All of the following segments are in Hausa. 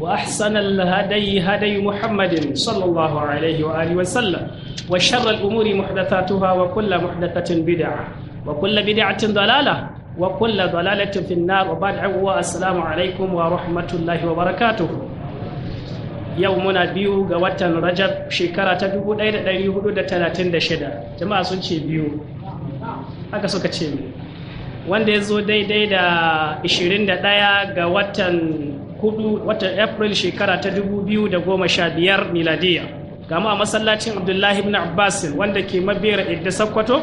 وأحسن الهدي هدي محمد صلى الله عليه وآله وسلم وشر الأمور محدثاتها وكل محدثة بدعة وكل بدعة ضلالة وكل ضلالة في النار وبعد السلام عليكم ورحمة الله وبركاته yau muna biyu ga watan rajab shekara ta 1436 jama'a sun ce biyu haka suka ce wanda ya zo daidai da 21 ga watan 4 watan april shekara ta dubu biyu da goma sha 2015 miladiya gama a masallacin abdullahi ibn abbas wanda ke mabera idda sakkwato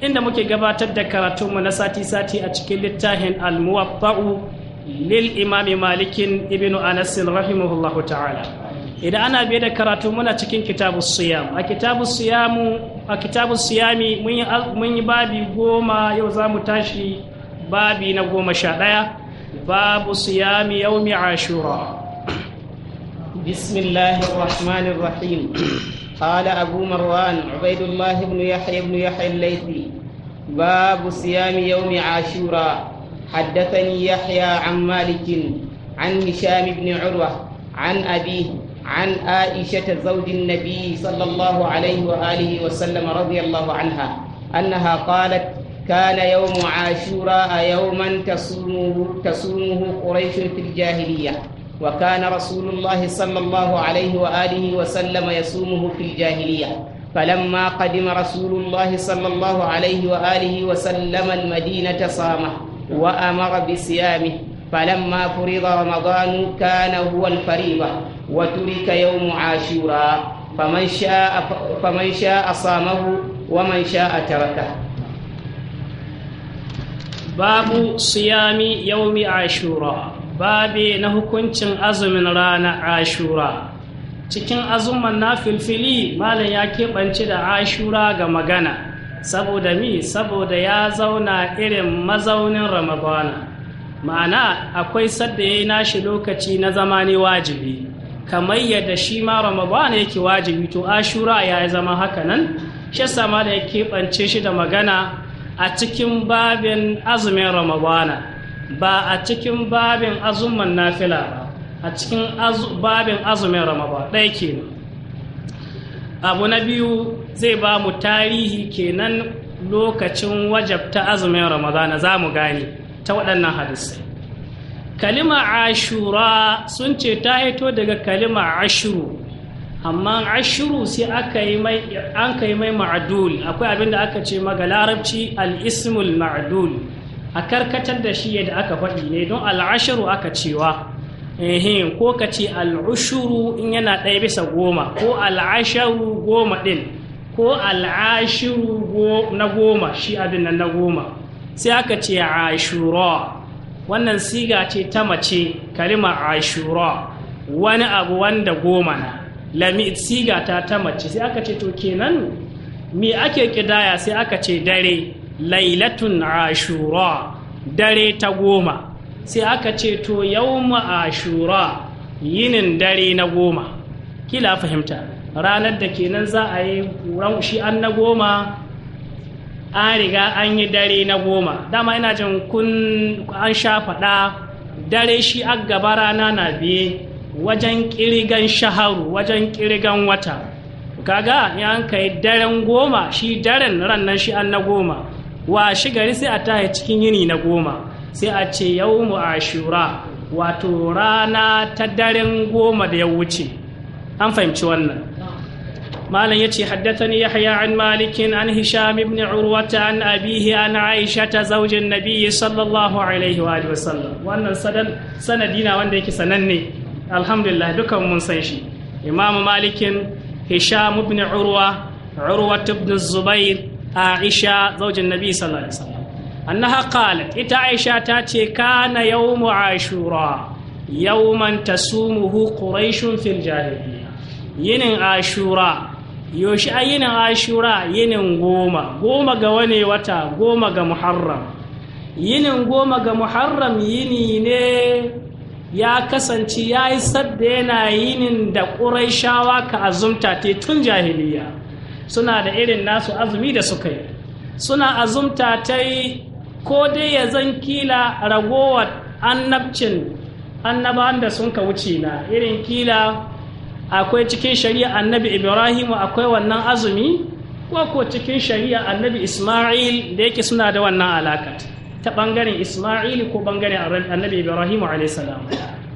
inda muke gabatar da karatunmu na sati-sati a cikin littafin al lil imami malikin ibn anas rahimahullahu ta'ala idan ana biye da karatu muna cikin kitabu siyam a kitabu siyam a kitabu siyami mun yi babi goma yau za mu tashi babi na goma sha ɗaya باب صيام يوم عاشوراء بسم الله الرحمن الرحيم قال أبو مروان عبيد الله بن يحيى بن يحيى الليثي باب صيام يوم عاشوراء حدثني يحيى عن مالك عن هشام بن عروة عن أبيه عن عائشة زوج النبي صلى الله عليه وآله وسلم رضي الله عنها أنها قالت كان يوم عاشوراء يوما تصومه تصومه قريش في الجاهلية وكان رسول الله صلى الله عليه وآله وسلم يصومه في الجاهلية فلما قدم رسول الله صلى الله عليه وآله وسلم المدينة صامه وأمر بصيامه فلما فرض رمضان كان هو الفريضة وترك يوم عاشوراء فمن شاء فمن شاء صامه ومن شاء تركه babu siyami yaumi ashura babe na hukuncin azumin rana ashura cikin azuman na filfili malam ya keɓance da ashura ga magana saboda mi saboda ya zauna irin mazaunin ramadana ma'ana akwai sadda ya yi nashi lokaci na zama ne wajibi kamar yadda shi ma ramadana yake wajibi to ashura ya zama hakanan nan shi sama da ya keɓance shi da magana a cikin babin azumin ramadana ba a cikin babin azumin nafila ba a cikin babin azumin ramadana ɗaya kenan abu na biyu zai ba mu tarihi kenan lokacin ta azumin ramadana za mu gane ta waɗannan hadisai kalima ashura sun ce ta haito daga kalima ashuru amma ashuru sai aka yi mai an akwai abin da aka ce maga larabci al-ismul ma'dul a karkatar da shi yadda aka faɗi ne don al aka cewa ehin ko ka ce al-ushuru in yana ɗaya bisa goma ko al goma ɗin ko al-ashiru na goma shi abin nan na goma sai aka ce ashura wannan siga ce ta mace kalima ashura wani abu wanda goma na lami siga ta ta mace sai aka ce to kenan me ake kidaya sai aka ce dare lailatun ashura dare ta goma sai aka ce to yawma ashura yinin dare na goma kila fahimta ranar da kenan za a yi shi an na goma an riga an yi dare na goma dama ina jin kun an sha faɗa dare shi a gaba rana na biye wajen ƙirgan shaharu wajen kirgan wata kaga ya an kai daren goma shi daren rannan shi an na goma wa shi gari sai a tahi cikin yini na goma sai a ce mu ashura wato rana ta daren goma da ya wuce an fahimci wannan malam ya ce ya yahya an malikin an hisham ibn urwata an abihi an aisha ta zaujin nabiyyi sallallahu alaihi wa sallam wannan sanadina wanda yake sananne alhamdulillah dukan mun san shi imamu malikin hisham ibn urwa urwa ibn zubair aisha zaujin nabi sallallahu alaihi wasallam annaha qalat ita aisha ta ce kana yawmu ashura yawman tasumuhu quraishun fil jahiliyya yinin ashura yoshi a yinin ashura yinin goma goma ga wani wata goma ga muharram yinin goma ga muharram yini ne ya kasance ya yi sadda yana yinin da ƙurai shawa ka azumta te tun jahiliya suna da irin nasu azumi da suka yi suna azumta ta yi ko dai ya zan kila ragowar annabcin annaban da sun ka wuce na irin kila akwai cikin shari'a annabi ibrahimu akwai wannan azumi ko ko cikin shari'a annabi isma'il da yake suna da wannan alakat ta bangaren Isma'il ko bangaren Annabi Ibrahim a.s.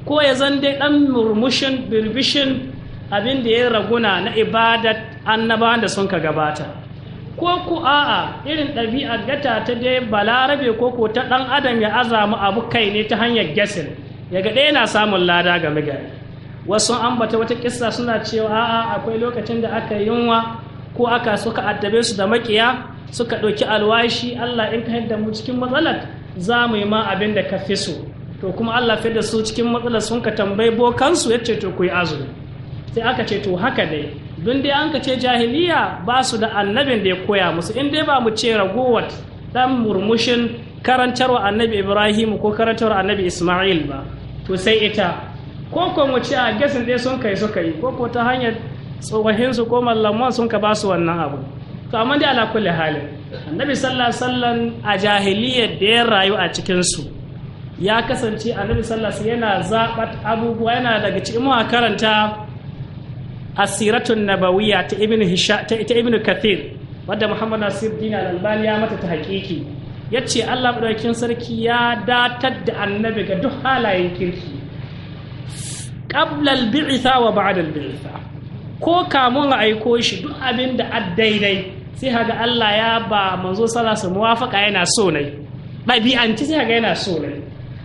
ko ya zan dai dan murmushin birbishin abin da ya raguna na ibada annabawan da sun ka gabata ko ku a'a irin ɗabi'ar gata ta dai balarabe ko ko ta ɗan adam ya azamu abu kai ne ta hanyar gasin ya ga ɗaya na samun lada ga gari wasu ambata wata kissa suna cewa a'a akwai lokacin da aka yunwa ko aka suka addabe su da makiya suka ɗauki alwashi Allah in ka yadda mu cikin matsalar za mu yi ma abin da ka fi so to kuma Allah fi da su cikin matsalar sun ka tambayi bokansu ya ce to ku yi azumi sai aka ce to haka dai don dai an ka ce jahiliya ba su da annabin da ya koya musu in dai ba mu ce ragowar dan murmushin karantarwa annabi Ibrahim ko karantarwa annabi Ismail ba to sai ita ko ko mu ce a gasin dai sun kai suka yi ko ko ta hanyar tsohahinsu ko mallaman sun ka ba su wannan abu to amma dai ala kulli halin annabi sallallahu alaihi wasallam a jahiliyyar da ya rayu a cikin su ya kasance annabi sallallahu alaihi wasallam yana zabat abubuwa yana daga cikin mu karanta asiratun nabawiyya ta ibnu hisha ta ibnu kathir wadda muhammad nasir din al-albani ya mata ta hakiki yace Allah madaukakin sarki ya datar da annabi ga duk halayen kirki qabla al-bi'tha wa ba'da bitha ko kamun a aiko shi duk abin da daidai sai haga Allah ya ba manzo salasa muwafaka yana so ne ɗabi'ance sai haga yana so ne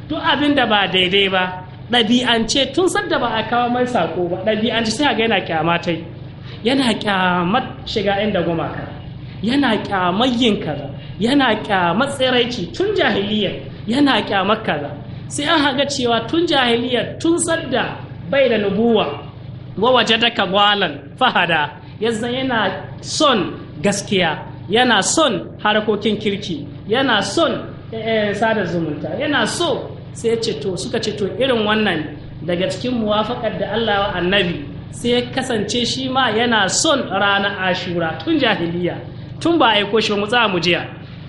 duk abin da ba daidai ba ɗabi'ance tun sadda ba a kawo mai sako ba ɗabi'ance sai haga yana kyamatai yana kyamar shiga inda gumaka yana kyamar yin kaza yana kyamar tsiraici tun jahiliyar yana kyamar kaza sai an haga cewa tun jahiliyar tun sadda bai da nubuwa wa waje daga gwalan fahada yanzu yana son gaskiya yana son harkokin kirki yana son eh, sada zumunta yana so sai ceto suka cito irin wannan daga cikin muwafakar da Allah wa annabi sai ya kasance shi ma yana son rana ashura tun jahiliya tun ba aiko shi mu mu jiya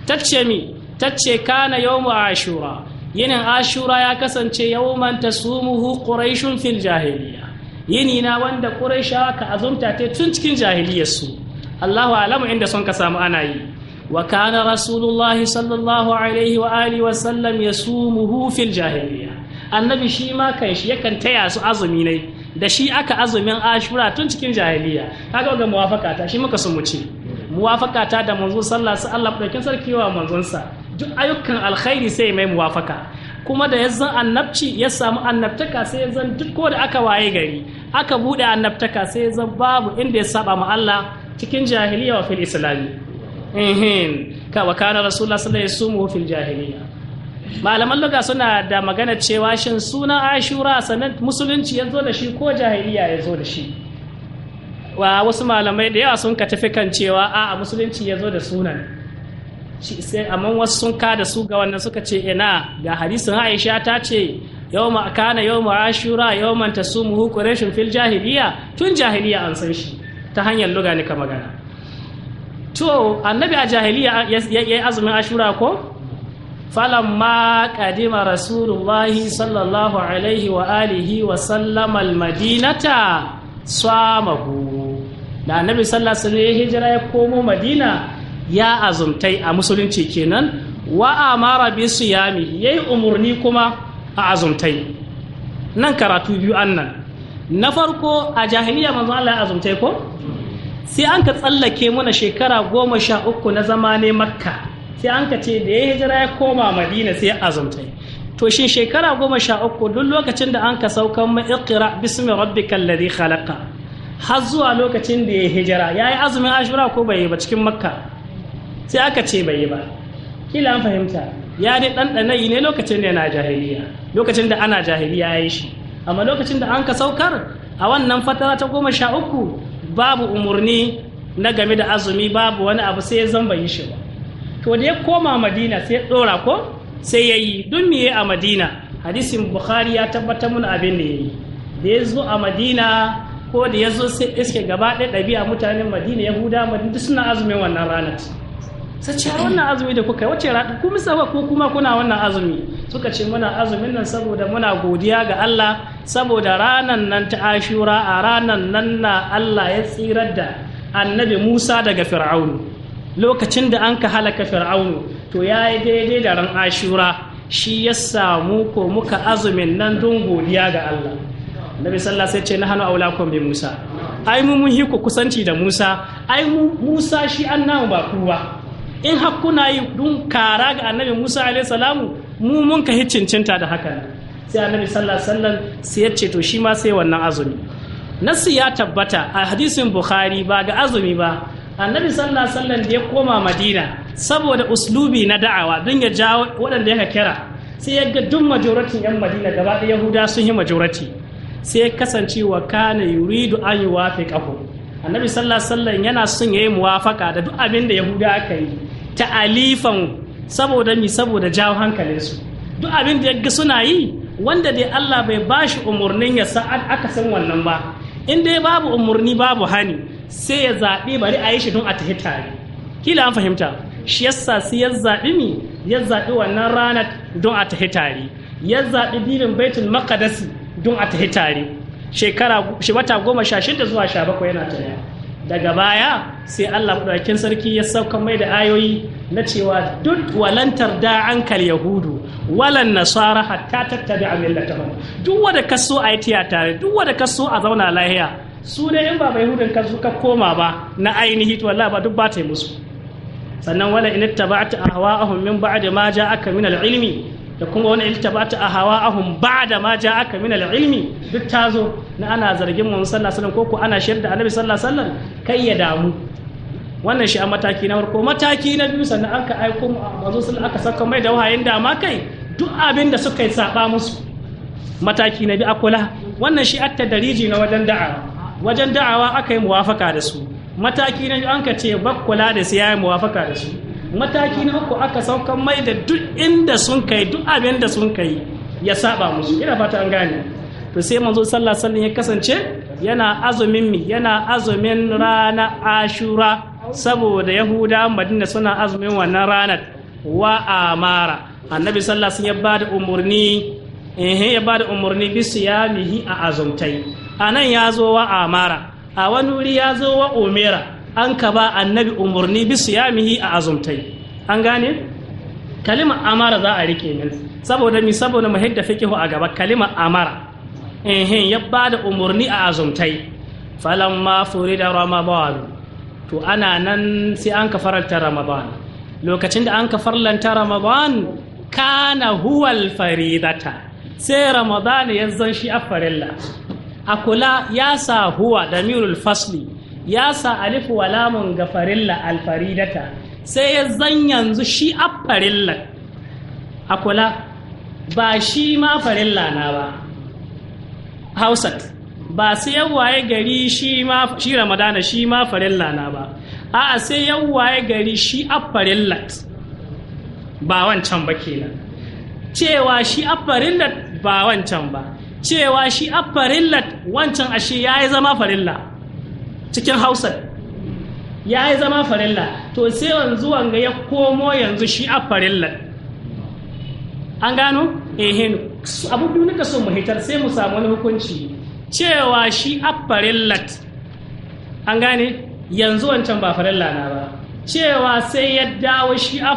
tacce mi tacce kana yawmu ashura yinin ashura ya kasance yawman tasumuhu quraishun fil jahiliya yini na wanda quraisha ka azumta te tun cikin jahiliyar su Allahu alamu inda son ka samu ana yi wa kana rasulullah sallallahu alaihi wa alihi wa sallam yasumuhu fil jahiliya annabi shi ma kan shi yakan taya su azumi ne da shi aka azumin ashura tun cikin jahiliya kaga ga muwafaka ta shi muka sun muci muwafaka ta da manzo sallallahu alaihi wasallam daukin sarki wa manzonsa duk ayyukan alkhairi sai mai muwafaka kuma da yanzu annabci ya samu annabtaka sai yanzu duk ko da aka waye gari aka bude annabtaka sai zan babu inda ya saba ma Allah cikin jahiliya wa fil islami ehin ka wa kana rasulullah sallallahu alaihi fil jahiliya malaman luga suna da magana cewa shin suna ashura sanan musulunci yanzu da shi ko jahiliya ya zo da shi wa wasu malamai da yawa sun ka tafi kan cewa a a musulunci ya zo da sunan shi sai amma wasu sun ka da su ga wannan suka ce ina ga hadisin aisha ta ce yawma kana yawma ashura yawman tasumu quraishun fil jahiliya tun jahiliya an san shi ta hanyar lugani ka magana to annabi a jahiliya ya yi azumin ashura ko ma qadima rasulullahi sallallahu alaihi wa alihi wa sallama almadinata samahu da annabi sallallahu alaihi ya hijira ya komo madina ya azumtai a musulunci kenan wa amara bi ya yayi umarni kuma a azumtai nan karatu biyu annan na farko a jahiliya manzo Allah ya azumta ko sai an ka tsallake mana shekara goma sha uku na zama ne makka sai an ka ce da ya hijira ya koma madina sai ya azumta. to shin shekara goma sha uku duk lokacin da an ka saukan maIqira, iqra bismi rabbika alladhi khalaqa har zuwa lokacin da ya hijira ya yi azumin ashura ko bai yi ba cikin makka sai aka ce bai yi ba kila an fahimta ya dai ɗanɗanayi ne lokacin da yana jahiliya lokacin da ana jahiliya ya yi shi amma lokacin da an ka saukar a wannan fatara ta goma sha uku babu umarni na game da azumi babu wani abu sai ya zamba yi shi ba to da ya koma madina sai ya ɗora ko sai ya yi don me a madina hadisin bukhari ya tabbatar mun abin da ya yi da ya zo a madina ko da ya zo sai iske gaba ɗaya ɗabi'a mutanen madina yahuda madina duk suna azumin wannan ranar sace a wannan azumi da kuka wace rana ku ko kuma kuna wannan azumi suka ce muna azumin nan saboda muna godiya ga Allah saboda ranan nan ta Ashura a ranan nan na Allah ya tsirar da annabi Musa daga Fir'aunu lokacin da an ka halaka Fir'aunu to ya yi daidai da ran Ashura shi ya samu ko muka azumin nan don godiya ga Allah Annabi sallallahu sai ce na hanu aulakum bi Musa ai mu mun hiku kusanci da Musa ai Musa shi an ba ku in hakuna yi dun kara ga annabi musa alaihi salamu mu mun ka cincinta da haka sai annabi sallallahu alaihi wasallam sai ya ce to shi ma sai wannan azumi nasu ya tabbata a hadisin bukhari ba ga azumi ba annabi sallallahu alaihi wasallam da ya koma madina saboda uslubi na da'awa don ya jawo waɗanda ya kira sai ya ga duk majoratin yan madina gaba da yahuda sun yi majorati sai ya kasance wa kana yuridu an yi wafe annabi sallallahu alaihi wasallam yana son yayi muwafaka da duk abin da yahuda aka yi ta'alifan saboda mi saboda jawo hankalinsu duk abin da ga suna yi wanda dai Allah bai bashi umarnin ya sa'ad aka san wannan ba in dai babu umarni babu hani sai ya zaɓi bari a yi shi don a tafi tare kila an fahimta shi yasa sai ya zaɓi mi ya zaɓi wannan ranar don a tafi tare ya zaɓi dinin baitul maqdis don a tafi tare shekara wata goma sha shida zuwa sha bakwai yana tare daga baya sai Allah madaukakin sarki ya sauka mai da ayoyi na cewa duk walantar da ankal yahudu walan nasara hatta tattabi'a millatahum duk wanda ka so a yi tare duk wanda ka so a zauna lahiya su ne in ba bai hudun ka ka koma ba na ainihi to wallahi ba duk ba ta yi musu sannan wala in ittaba'ta ahwa'ahum min ba'di ma ja'aka min al-ilmi da kuma wani iltabata a hawa ahun ba da ma ja aka min ilmi duk ta zo na ana zargin mu sallallahu alaihi ko ko ana shirda annabi sallallahu alaihi wasallam kai ya damu wannan shi a mataki na farko mataki na biyu sannan an ka aiko manzo sallallahu aka saka mai da wahayin da ma kai duk abin da suka yi saba musu mataki na biyu akula wannan shi atta dariji na wajen da'awa wajen da'awa aka yi muwafaka da su mataki na biyu an ka ce bakkula da su ya yi muwafaka da su mataki na uku aka saukan mai da duk inda sun kai duk abin da sun kai ya saba musu ina fata an gane to sai manzo sallah sallin ya kasance yana azumin mi yana azumin rana ashura saboda yahuda madina suna azumin wannan ranar wa amara annabi sallah sun ya bada umurni eh ya bada umurni bi siyamihi a azumtai anan ya zo wa amara a wani wuri ya zo wa umira an ka ba annabi umarni bi siyamihi a azumtai an gane kalimar amara za a rike min saboda mi saboda mu hidda fikihu a gaba kalimar amara ehin ya ba da umarni a azumtai falamma furida ramadan to ana nan sai an ka faranta ramadan lokacin da an ka farlanta ramadan kana huwal faridata sai ramadan ya zan shi a farilla a kula ya sa huwa damirul fasli ya sa alifu wa lamun ga farilla alfaridata sai ya zan yanzu shi a farilla a kula ba shi ma farilla na ba hausat ba sai yawaye gari shi shi ramadana shi ma farilla na ba a'a sai yawaye gari shi a farilla ba wancan ba kenan cewa shi a farilla ba wancan ba cewa shi a farilla wancan ashe ya yi zama farilla cikin hausa ya yi zama farilla to sai wanzu wanga ya komo yanzu shi a farilla an gano eh, abu biyu nika so mu hitar sai mu samu wani hukunci cewa shi a farilla an gane yanzu wancan ba farilla na ba cewa sai ya dawo shi a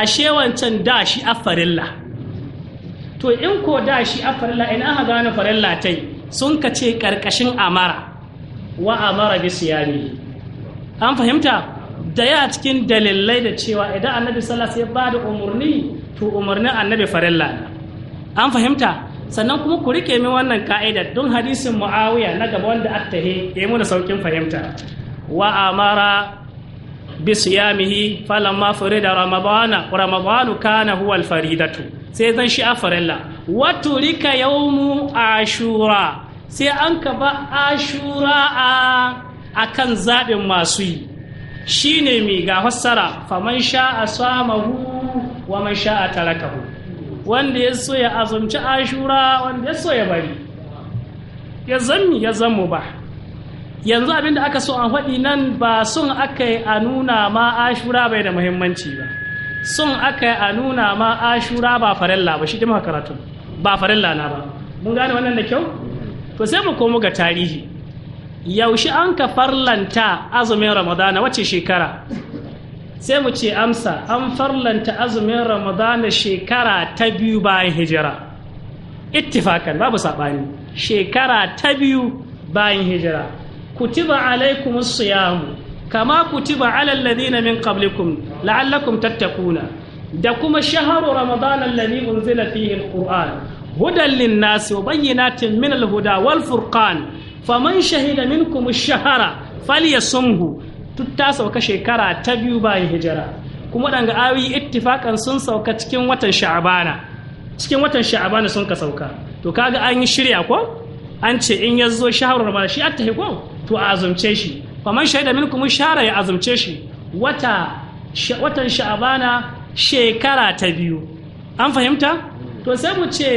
a she wancan da shi a farilla to in ko da shi a farilla ina ha gane farilla tai sun kace karkashin amara wa amara bi siyami an fahimta da ya cikin dalilai da cewa idan annabi sallallahu alaihi wasallam ya bada umarni to umarnin annabi farilla an fahimta sannan kuma ku rike min wannan ka'ida don hadisin muawiya na gaba wanda attahe ya yi muna saukin fahimta wa amara bi siyamihi falamma farida ramadana ramadanu kana huwa al-faridatu sai zan shi a farilla wa turika yawmu ashura sai an ka ba ashura a kan zaɓin masu yi shi ne mai ga fassara faman sha a samahu wa man sha a talakahu wanda ya so ya azumci ashura wanda ya so ya bari ya zammi ya zammu ba yanzu abinda aka so an faɗi nan ba sun aka yi a nuna ma ashura bai da muhimmanci ba sun aka yi a nuna ma ashura ba farella ba shi dima karatu ba farilla na ba mun gane wannan da kyau to sai mu komo ga tarihi yaushe an ka farlanta azumin ramadana wace shekara sai mu ce amsa an farlanta azumin ramadana shekara ta biyu bayan hijira ittifakan babu saɓani shekara ta biyu bayan hijira kutiba alaikum siyamu kama kutiba alal ladina min qablikum la'allakum tattakuna da kuma shaharu ramadana alladhi unzila fihi alquran hudan linnasi wa bayyinatin min alhuda wal furqan faman shahida minkum ash-shahara falyasumhu tutta sauka shekara ta biyu bayan hijira kuma dan ga ayi ittifakan sun sauka cikin watan sha'bana cikin watan sha'bana sun ka sauka to kaga an yi shirya ko an ce in ya zo shahar ramadan shi attahi ko to azumce shi faman shahida minkum ash-shahara ya azumce shi wata watan sha'bana shekara ta biyu an fahimta to sai mu ce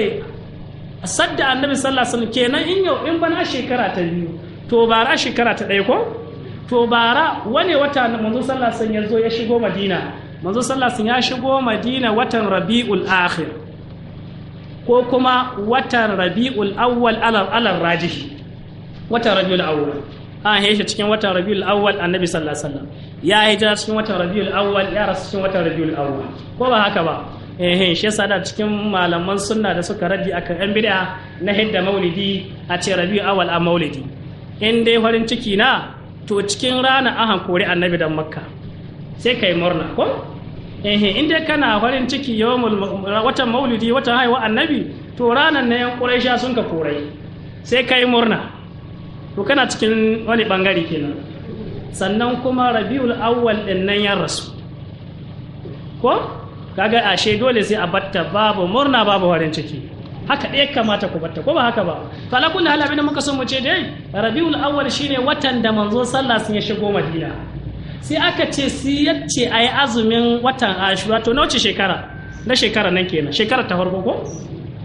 sadda annabi sallallahu alaihi wasallam kenan in yau in bana shekara ta biyu to bara shekara ta ɗaya ko to bara wani wata manzo sallallahu alaihi wasallam ya shigo madina manzo sallallahu alaihi wasallam ya shigo madina watan rabiul akhir ko kuma watan rabiul awwal alal alal rajihi watan rabiul awwal an haife cikin watan rabiul awwal annabi sallallahu alaihi wasallam ya hijira cikin watan rabiul awwal ya rasu cikin watan rabiul awwal ko ba haka ba eh shi yasa da cikin malaman sunna da suka raddi akan yan bid'a na hidda maulidi a ce rabi'u awal a maulidi in dai farin ciki na to cikin rana an hankori annabi dan makka sai kai murna ko eh in dai kana farin ciki yawmul watan maulidi watan haihuwa annabi to ranan na yan quraisha sun ka kore sai kai murna to kana cikin wani bangare kenan sannan kuma rabiul awwal din nan ya rasu ko kaga ashe dole sai a batta babu murna babu farin ciki haka ɗaya kamata ku batta ko ba haka ba to ala kulli hal abin muka so mu ce dai rabiul awwal shine watan da manzo sallah sun ya shigo madina sai aka ce si yace ayi azumin watan ashura to na wace shekara na shekara nan kenan shekara ta farko ko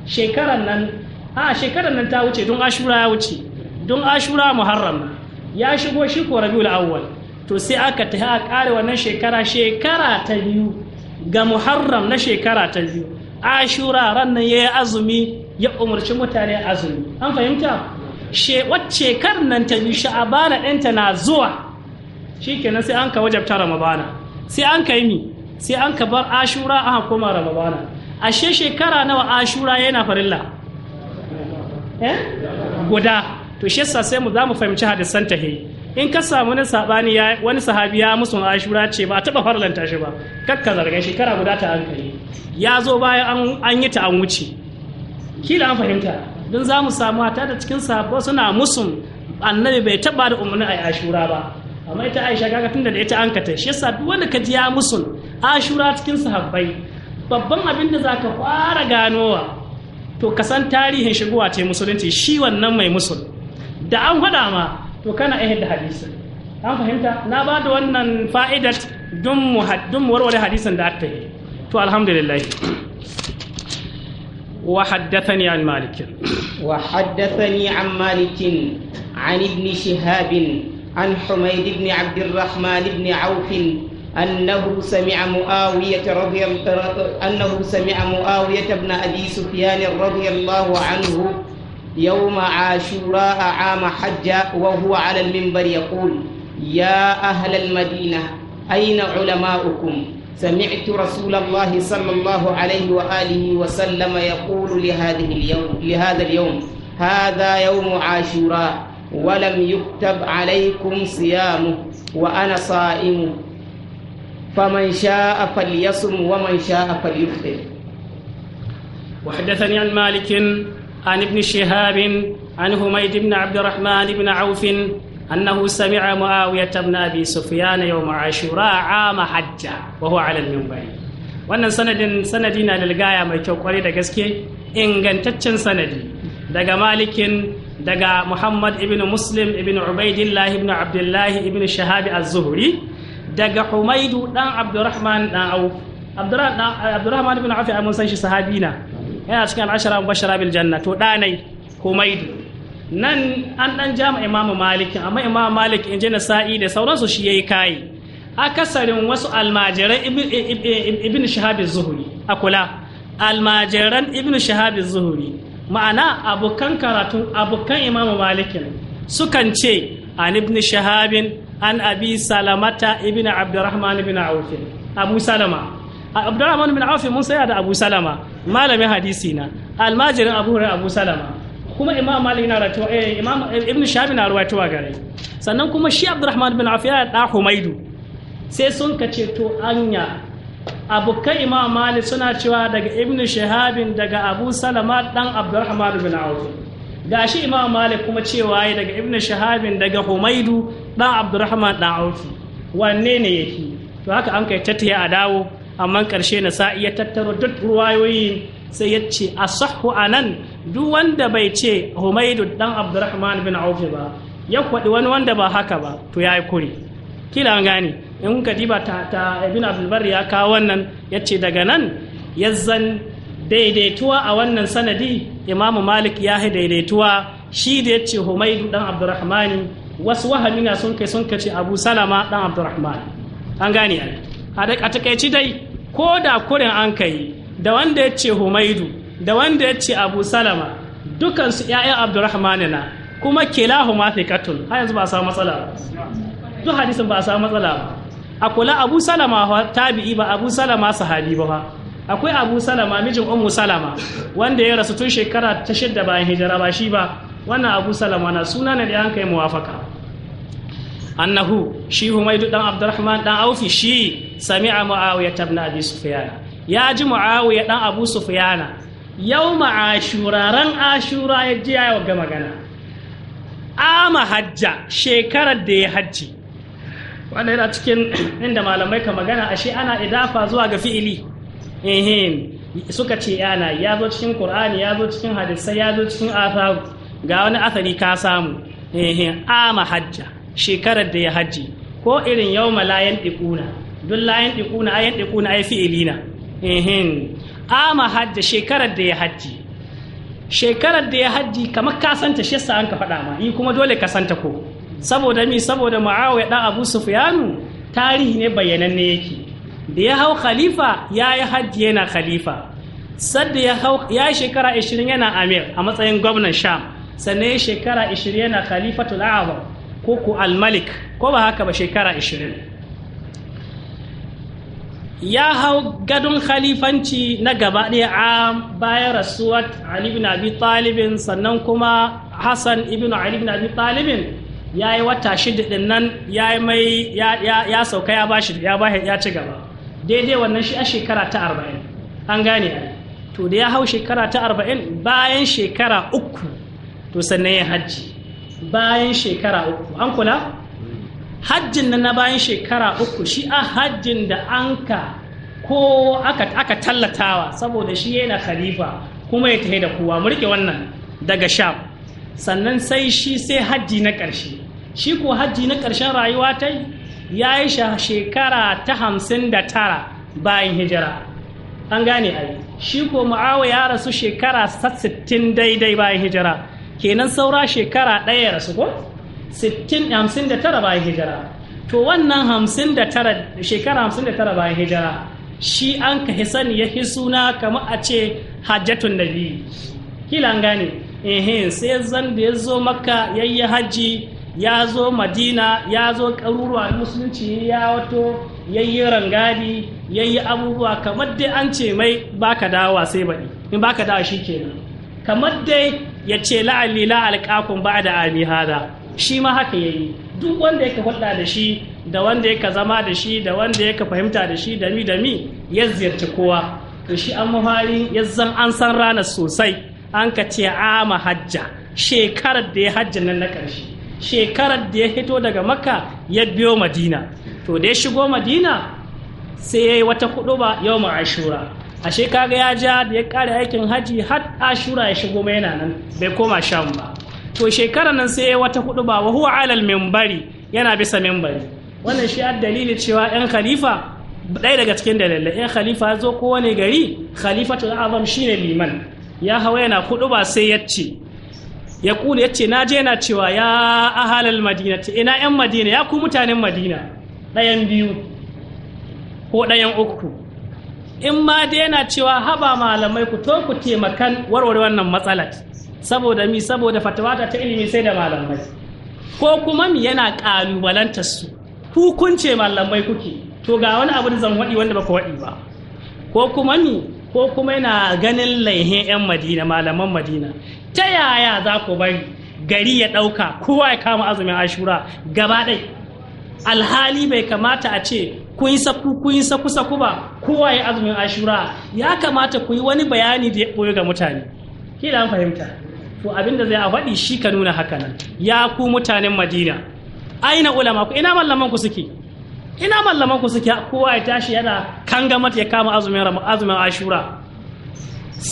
shekaran nan a shekaran nan ta wuce don ashura ya wuce don ashura muharram ya shigo shi ko rabiul awwal to sai aka ta a kare wannan shekara shekara ta biyu ga muharram na shekara ta biyu ashura ran nan ya yi azumi ya umarci mutane azumi an fahimta wacce kar nan ta biyu sha'abana ɗinta na zuwa shikenan sai an ka wajabta ramadana sai an ka yi mi sai an ka bar ashura aka koma ramadana ashe shekara nawa ashura yana farilla eh guda to shi sai mu za mu fahimci hadisan tahi in ka samu na sabani ya wani sahabi ya musu ashura ce ba taba farlanta shi ba kakka zarga shekara guda ta hankali ya zo bayan an yi ta an wuce kila an fahimta don za mu samu a da cikin sabo suna musun annabi bai taba da umarni a ashura ba amma ita aisha kaga tunda da ita an kata shi yasa duk wanda ka ji ya musun ashura cikin sahabbai babban abin da zaka fara ganowa to ka tarihin shigowa ta musulunci shi wannan mai musul da an faɗa ma to kana ehda hadisin an fahimta na ba da wannan fa'idat don mu warware hadisin da aka yi to alhamdulillah an malik wa haddathani an malik an ibn shihab an humayd ibn abd الرحمن ibn عوف أنه سمع معاوية رضي أنه سمع معاوية ابن أبي سفيان رضي الله عنه يوم عاشوراء عام حج وهو على المنبر يقول يا أهل المدينة أين علماؤكم سمعت رسول الله صلى الله عليه وآله وسلم يقول لهذه اليوم لهذا اليوم هذا يوم عاشوراء ولم يكتب عليكم صيامه وأنا صائم فمن شاء فليصم ومن شاء فليفطر وحدثني عن مالك عن ابن شهاب عن هميد بن عبد الرحمن بن عوف أنه سمع معاوية بن أبي سفيان يوم عاشوراء عام حجة وهو على المنبر wannan sanadin sanadi na lilgaya mai kyau kwarai da gaske ingantaccen sanadi daga malikin daga muhammad ibn muslim ibn ubaidillah ibn abdullah ibn shahabi az-zuhri daga humaidu dan abdurrahman dan abdurrahman ibn afi mun san shi sahabina yana cikin al'ashara mubashara bil janna to ɗanai ko nan an ɗan jama imamu malikin amma imamu malik in ji nasa'i da sauransu shi yayi kayi akasarin wasu almajiran ibn shahab zuhuri a kula almajiran ibn shahab zuhuri ma'ana abokan karatu abokan imamu malikin sukan ce an ibn shahabin an abi salamata ibn abdurrahman ibn abu salama abdurrahman bin auf mun saya da abu salama malamin hadisi na almajirin abu hurairah abu salama kuma imam malik na rawaito eh imam eh, ibn shabi na rawaito gare sannan kuma shi abdurrahman bin auf ya da humaidu sai sun kace to anya abokan imam malik suna cewa daga ibn shahabin daga abu salama dan abdurrahman bin auf gashi imam malik kuma cewa daga ibn shahabin daga humaidu dan abdurrahman dan auf wanne ne yake to haka an kai tattaya a dawo amma ƙarshe na sa iya tattaro duk ruwayoyi sai ya ce a sahu a nan duk wanda bai ce humaidu dan abdurrahman bin auf ba ya kwaɗi wani wanda ba haka ba to ya yi kuri kila an gane in ka diba ta, ta ibn ya kawo wannan ya ce daga nan ya zan daidaituwa a wannan sanadi imamu malik ya yi daidaituwa shi da ya ce humaidu dan abdurrahman wasu wahamina sun kai sun kace abu salama dan abdurrahman an gane a takaici dai ko da kurin an kai da wanda ya ce humaidu da wanda ya ce abu salama dukansu ‘ya'yan abdurrahmanu na kuma kilahu ma katul har yanzu ba a matsala ba duk hadisin ba a matsala ba a kula abu salama tabi'i ba abu salama sahabi ba fa akwai abu salama mijin ummu salama wanda ya rasu tun shekara ta shidda bayan hijira ba shi ba wannan abu salama na suna na da an kai muwafaka annahu shi Humaidu dan Abdurrahman dan Aufi shi sami'a Muawiya ibn Abi Sufyan ya ji Muawiya dan Abu Yau yau Ashura ran Ashura ya ji ya ga magana ama hajja shekarar da ya hajji wanda yana cikin inda malamai ka magana ashe ana idafa zuwa ga fi'ili ehem suka ce yana ya zo cikin Qur'ani ya zo cikin hadisai ya zo cikin ga wani athari ka samu ehem ama hajja shekarar da ya hajji ko irin yau malayan ɗiƙuna duk layan ɗiƙuna ayan ɗiƙuna ai fi'ilina ehin ama hajji shekarar da ya hajji shekarar da ya hajji kamar ka santa shi yasa an ka faɗa ma yi kuma dole ka santa ko saboda mi saboda muawiya dan abu sufyanu tarihi ne bayanan ne yake da ya hau khalifa ya yi hajji yana khalifa sadda ya hau ya shekara 20 yana amir a matsayin gwamnan sham sannan ya shekara 20 yana khalifatul a'zam ko ku almalik ko ba haka ba shekara 20 ya hau gadon khalifanci na gaba ɗaya a bayan rasuwar ali ibn abi talibin sannan kuma hassan ibn ali ibn abi talibin ya yi wata shida din nan ya yi mai ya sauka ya ba shi ya ba ya ci gaba daidai wannan shi a shekara ta arba'in an gane to da ya hau shekara ta arba'in bayan shekara uku to sannan ya hajji bayan shekara uku an kula hajjin na bayan shekara uku shi a hajjin da an ka ko aka, tallatawa saboda shi yana khalifa kuma ya tahe da kowa mu rike wannan daga sha, sannan sai shi sai hajji na ƙarshe shi ko hajji na ƙarshen rayuwa ta ya yi shekara ta hamsin da tara bayan hijira an gane ayi. shi ko ya rasu shekara 60 daidai bayan hijira kenan saura shekara ɗaya da ko 59 bayan hijira to wannan shekara 59 bayan hijira shi an ka sani ya fi suna kamar a ce hajjatun biyu. kila an gane ehe sai zan da ya zo makka yayi hajji ya zo madina ya zo ƙaruruwa musulunci ya wato yayi rangadi yayi abubuwa kamar dai an ce mai baka dawa sai baɗi in baka dawa shi kenan kamar dai ya ce la'alli la alƙakun ba da ami hada shi ma haka ya yi duk wanda yake hulɗa da shi da wanda yake zama da shi da wanda yake fahimta da shi da mi da mi ya ziyarci kowa to shi an mafari ya zan an san rana sosai an ka ce ama hajja shekarar da ya hajja nan na ƙarshe shekarar da ya hito daga makka ya biyo madina to da ya shigo madina sai ya yi wata ba yau ashura ashe kaga ya ja da ya kare aikin hajji har ashura ya shigo mai yana nan bai koma sham ba to shekara nan sai ya wata hudu ba wa huwa alal minbari yana bisa minbari wannan shi dalili cewa yan khalifa ɗaya daga cikin dalilai yan khalifa zo ko wani gari khalifatul azam shine liman ya hawa yana hudu ba sai ya ce ya kula ya ce na je yana cewa ya ahalal madina ina yan madina ya ku mutanen madina ɗayan biyu ko ɗayan uku in ma dai yana cewa haba malamai ku to ku taimakan warware wannan matsalar saboda mi saboda fatawa ta ilimi sai da malamai ko kuma mi yana kalubalantar su hukunce malamai kuke to ga wani abu da zan waɗi wanda baka waɗi ba ko kuma mi ko kuma yana ganin laihin 'yan madina malaman madina ta yaya za ku bari gari ya ɗauka kowa ya kama azumin ashura gaba ɗaya alhali bai kamata a ce kun yi saku kun saku saku ba kowa ya azumin ashura ya kamata ku yi wani bayani da ya ɓoye ga mutane kila an fahimta to abinda zai a faɗi shi ka nuna haka nan ya ku mutanen madina aina ulama ku ina mallaman ku suke ina mallaman ku suke kowa ya tashi yana kangamat ya kama azumin azumin ashura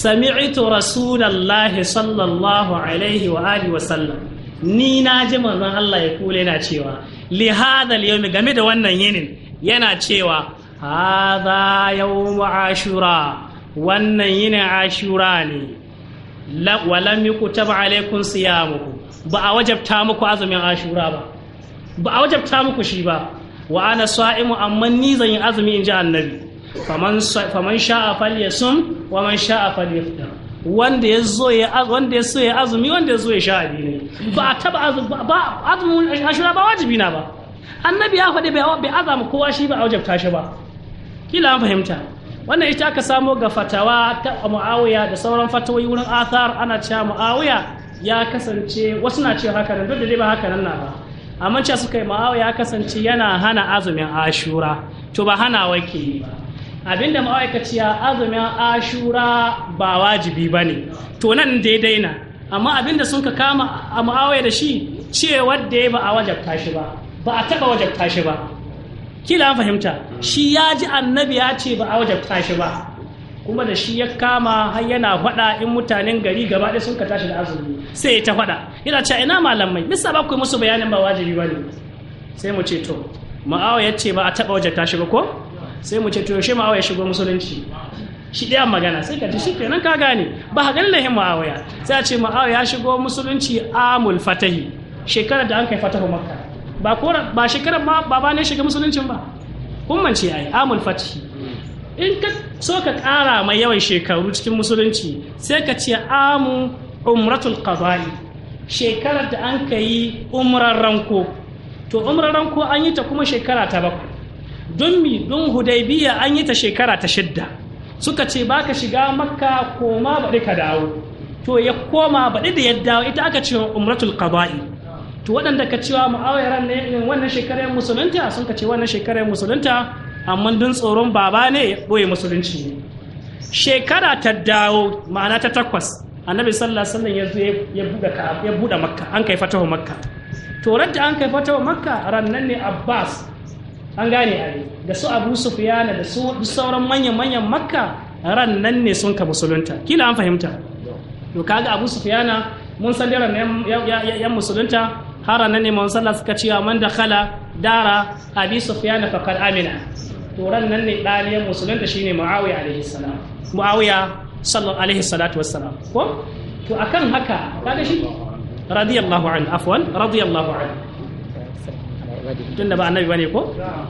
sami'tu rasulullahi sallallahu alaihi wa alihi wa sallam ni na ji manzon Allah ya kula yana cewa li hadha al game da wannan yinin yana cewa hadha yawmu ashura wannan yini ashura ne walam yukutab alaikum siyamuhu ba a wajabta muku azumin ashura ba ba a wajabta muku shi ba wa ana sa'imu amma ni zan yi azumi in ji annabi faman sha'a falyasum wa man sha'a falyaftar wanda ya zo ya wanda ya so ya azumi wanda ya zo ya sha'a abi ne ba taba azumi ba azumin ashura ba wajibi na ba annabi ya faɗi bai azama kowa shi ba a wajabta shi ba kila an fahimta wannan ita aka samo ga fatawa ta muawiya da sauran fatawoyi wurin athar ana cewa muawiya ya kasance wasu na cewa haka nan duk da dai ba haka nan na ba amma cewa suka yi muawiya ya kasance yana hana azumin ashura to ba hana wake yi ba abinda ma'aikaciya azumin ashura ba wajibi ba ne to nan daidai na amma abinda sun ka kama a muawiya da shi cewa da ba a wajabta shi ba ba a taɓa wajabta shi ba kila an fahimta shi ya ji annabi ya ce ba a wajabta shi ba kuma da shi ya kama har yana faɗa in mutanen gari gaba ɗaya sun ka tashi da azumi sai ta faɗa yana cewa ina malamai bisa ba ku musu bayanin ba wajibi ba ne sai mu ce to ma'awa ya ce ba a taɓa wajabta shi ba ko sai mu ce to yaushe ma'awa ya shigo musulunci shi ɗaya magana sai ka ci shi kenan ka gane ba ganin lahin ma'awaya sai a ce ma'awa ya shigo musulunci amul fatahi shekarar da an kai fatahu makka ba kora ba shekarar ma ya ne shiga musuluncin ba kun mance amul fathi in ka so ka ƙara mai yawan shekaru cikin musulunci sai ka ce amu umratul qada'i shekarar da an ka yi umrar ranko to umrar ranko an yi ta kuma shekara ta bakwai don mi don hudaybiya an yi ta shekara ta shidda suka ce baka shiga makka koma baɗi ka dawo to ya koma baɗi da ya dawo ita aka ce umratul qada'i to waɗanda ka cewa mu'awiyar ne wannan shekarar musulunta sun ka ce wannan shekarar musulunta amma dun tsoron baba ne ya ɓoye musulunci ne shekara ta dawo ma'ana ta takwas annabi sallallahu alaihi ya ya buɗe ya buɗe makka an kai fatahu makka to radda an kai fatahu makka rannan ne abbas an gane Ali, da su abu sufiyana da su sauran manyan manyan makka rannan ne sun ka musulunta kila an fahimta to kaga abu sufiyana mun san daren yan musulunta har nan ne man sallah suka cewa man da khala dara abi sufyan fa amina to ran nan ne daliyan shine muawiya alaihi salam muawiya sallallahu alaihi salatu wassalam ko to akan haka kaga shi radiyallahu afwan radiyallahu tunda ba annabi bane ko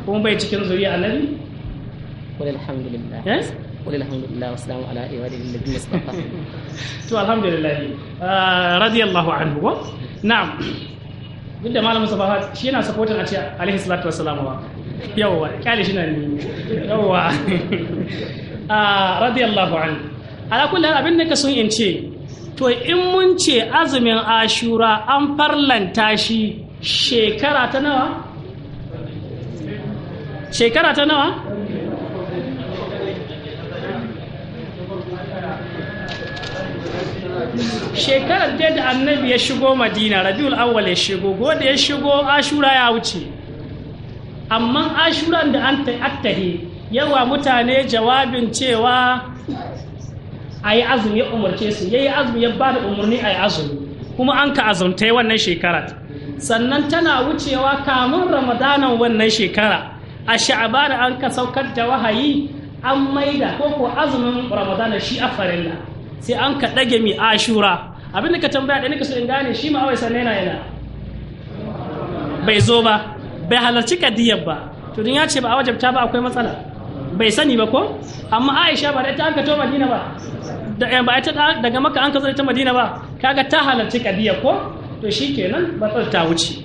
kuma bai cikin zuriya annabi yes duk da malamin safahat shi yana supporting a ce alaihi salatu wassalamu ba yawwa kyale shi ni yawwa a ah, radiyallahu anhu ala kulli abin da ka sun in ce to in mun ce azumin ashura an farlanta shi shekara ta nawa shekara ta nawa shekarar da annabi ya shigo madina rabiul awwal ya shigo da ya shigo ashura ya wuce amma ashuran da an attahi yawa mutane jawabin cewa a yi azumi ya umarce su ya yi azumi ya ba da umarni a yi azumi kuma an ka azumta wannan shekarar sannan tana wucewa kamun Ramadana wannan shekara a sha'aba an ka saukar da wahayi an maida ko ko azumin ramadana shi a farilla sai an ka ɗage mi ashura abin da ka tambaya ɗaya nika so in gane shi ma'awai sanne na yana bai zo ba bai halarci kadiyar ba to din ya ce ba a wajabta ba akwai matsala bai sani ba ko amma aisha ba da ita an ka to madina ba da eh, ba ita daga maka an ka zo ta madina ba kaga ta halarci kadiyar ko to shi kenan batsar ta wuce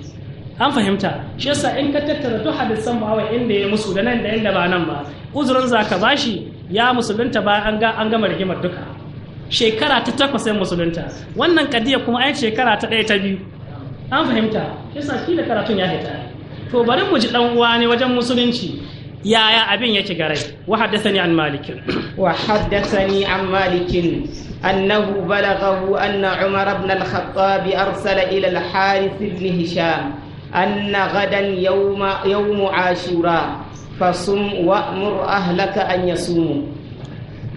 an fahimta shi yasa in ka tattara duk hadisan mu'awai inda ya musu da nan da inda ba nan ba uzurin zaka bashi ya musulunta ba an ga an gama rigimar duka shekara ta takwas sai musulunta wannan kadiya kuma ai shekara ta ɗaya ta biyu an fahimta yasa kila karatun ya fita to bari mu ji dan uwa ne wajen musulunci yaya abin yake garai wa haddathani an malik wa haddathani an malik annahu balaghahu anna umar ibn al-khattab arsala ila al-harith ibn hisham anna gadan yawma yawm ashura fasum wa'mur ahlaka an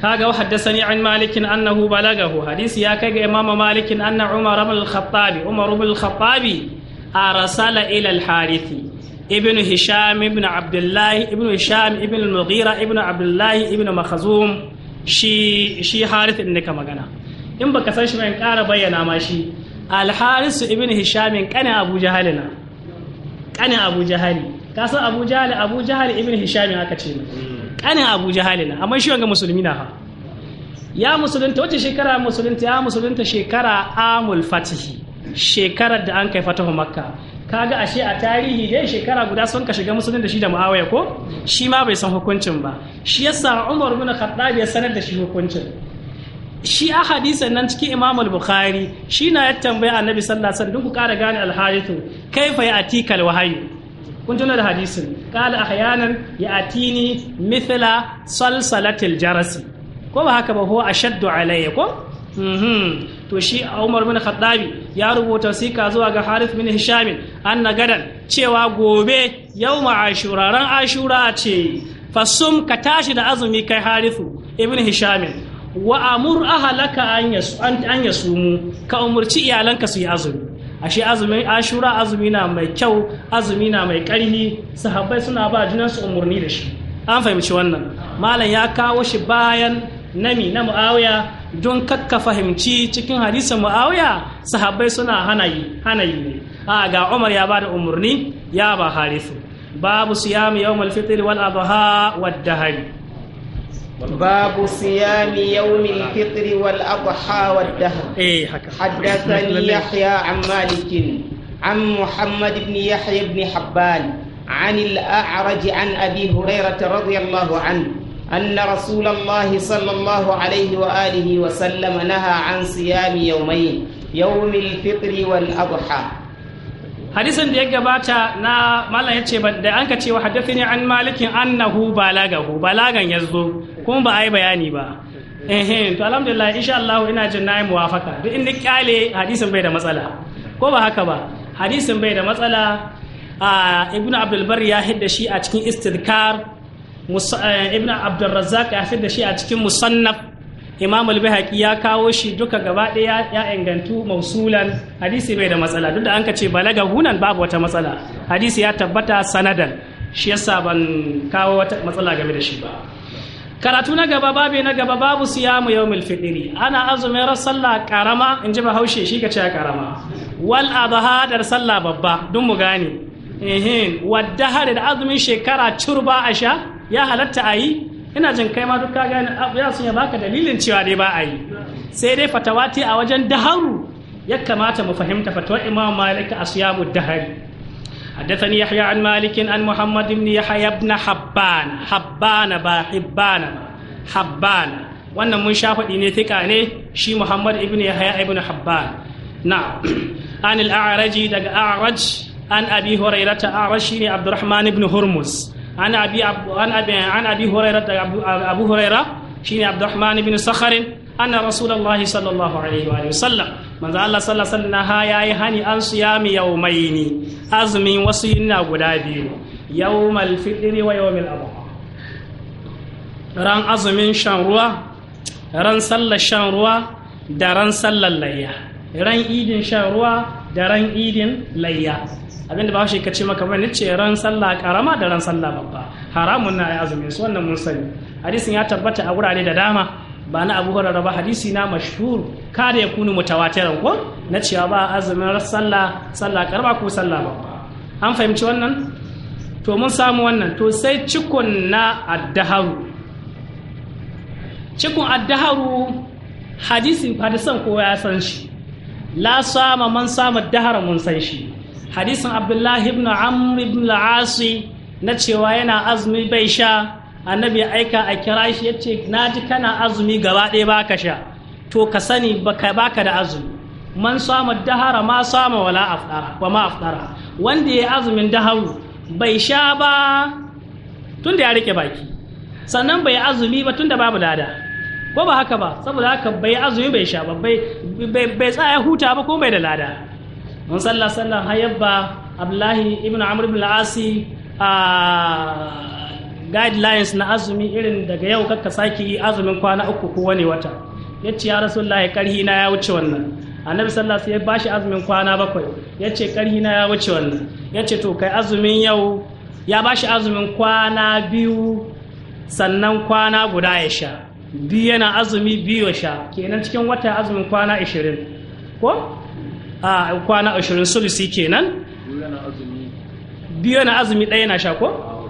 kaga wa haddathani an malik annahu balagahu hadisi ya kai ga imam malik anna umar ibn al-khattabi umar ibn al-khattabi arsala ila al-harith ibn hisham ibn abdullah ibn hisham ibn al-mughira ibn abdullah ibn makhzum shi shi harith din ka magana in baka san shi ba in bayyana ma shi al-harith ibn hisham kana abu jahalina kana abu jahali ka san abu jahali abu jahali ibn hisham aka ce mai kanin abu jahalin amma shi wanga musulmi na ha ya musulunta wace shekara musulunta ya musulunta shekara amul fatihi shekarar da an kai fatahu makka kaga ashe a tarihi dai shekara guda sun ka shiga musulun da shi da muawiya ko shi ma bai san hukuncin ba shi yasa umar bin khattab ya sanar da shi hukuncin shi a hadisan nan cikin imam al-bukhari shi na ya tambaya annabi sallallahu alaihi wasallam ku kara gane al-hadithu kaifa atikal wahayu kun tuna da hadisin qala ahyanan atini mithla salsalatil jarasi ko ba haka ba a ashaddu alayya ko mhm. to shi Umar bin Khattabi ya rubuta sika zuwa ga Harith bin Hisham anna gadan cewa gobe yawma ashura ran ashura ce fasum ka tashi da azumi kai Harithu ibn Hisham wa amur ahalaka an yasu an yasumu ka umurci iyalanka su yi azumi ashe azumin ashura azumi na mai kyau azumi na mai ƙarfi sahabbai suna ba su umarni da shi an fahimci wannan malam ya kawo shi bayan nami na mu'awiya don kakka fahimci cikin hadisin mu'awiya sahabbai suna hanayi hanayi ne a ga umar ya ba da umarni ya ba harisu babu siyami yawmal fitr wal adha wad dahari باب صيام يوم الفطر والأضحى والدهر حدثني يحيى عن مالك عن محمد بن يحيى بن حبان عن الأعرج عن أبي هريرة رضي الله عنه أن رسول الله صلى الله عليه وآله وسلم نهى عن صيام يومين يوم الفطر والأضحى hadisin da ya gabata na malam ya ce da an ka cewa haddathani an malikin annahu balagahu balagan ya kuma ba a yi bayani ba ehem to alhamdulillah insha Allah ina jin na nayi muwafaka duk inda kyale hadisin bai da matsala ko ba haka ba hadisin bai da matsala a ibnu abdul bar ya hidda shi a cikin istidkar eh, ibnu abdul razzaq ya hidda shi a cikin musannaf imam al-bihaqi ya kawo shi duka gaba ɗaya ya ingantu mausulan hadisi bai da matsala duk da an ce balaga hunan babu wata matsala hadisi ya tabbata sanadan shi yasa ban kawo wata matsala game da shi ba karatu na gaba babi na gaba babu siyamu yawmil fitri ana azumin ran sallah karama in ji bahaushe shi ka ce karama wal adha sallah babba dun mu gane ehin wadda hari da azumin shekara curba a sha ya halatta a yi ina jin kai ma duk ka gane ya sun ya baka dalilin cewa dai ba a yi sai dai fatawati a wajen daharu ya kamata mu fahimta fatawar imam malik a siyamu dahari حدثني يحيى عن مالك عن محمد بن يحيى بن حبان حبان با حبان حبان wannan mun sha faɗi ne tika ne shi Muhammad ibn Yahya ibn Habban na an al-a'raji daga a'raj an abi hurairah ta a'raj shine Abdurrahman ibn Hurmuz an abi an abi an abi hurairah daga abu hurairah shine Abdurrahman ibn Sakharin anna sallallahu alaihi wa sallam manzo Allah sallallahu alaihi wasallam yayi hani an siyami yawmaini azumin wasu yinna guda biyu yawmal fitri wa yawmil adha ran azumin shan ruwa ran sallar shan ruwa da ran sallar layya ran idin shan ruwa da ran idin layya abinda ba shi ka ce maka bane ce ran sallah karama da ran sallah babba haramun na azumin su wannan mun sani hadisin ya tabbata a gurare da dama ba na abu hurara ba hadisi na mashhur kada ya kunu mutawatiran ko na cewa ba azumin sallah sallah karba ko sallah ba an fahimci wannan to mun samu wannan to sai cikon na addaharu cikon addaharu hadisi hadisan kowa ya san shi la sama man sama dahara mun san shi hadisin abdullahi ibn amr ibn al-asi na cewa yana azumi bai sha annabi ya aika a kira shi yace na ji kana azumi gaba ɗaya baka sha to ka sani baka baka da azumi man sama dahara ma sama wala afdara wa ma afdara wanda ya azumin daharu bai sha ba tunda ya rike baki sannan bai azumi ba tunda babu lada ko ba haka ba saboda haka bai azumi bai sha ba bai tsaya huta ba ko bai da lada mun sallah sallan hayabba abdullahi ibn amr ibn al-asi a ah, guidelines na azumi irin daga yau kakka sake yi azumin kwana uku ko wani wata ya ce ya rasulullahi karhi na ya wuce wannan annabi sallallahu alaihi wasallam ya bashi azumin kwana bakwai ya ce karhi na ya wuce wannan ya ce to kai azumin yau ya bashi azumin kwana biyu sannan kwana guda ya sha biyu yana azumi biyu ya sha kenan cikin wata azumin kwana ashirin ko a kwana ashirin sulusi kenan biyu yana azumi ɗaya na sha ko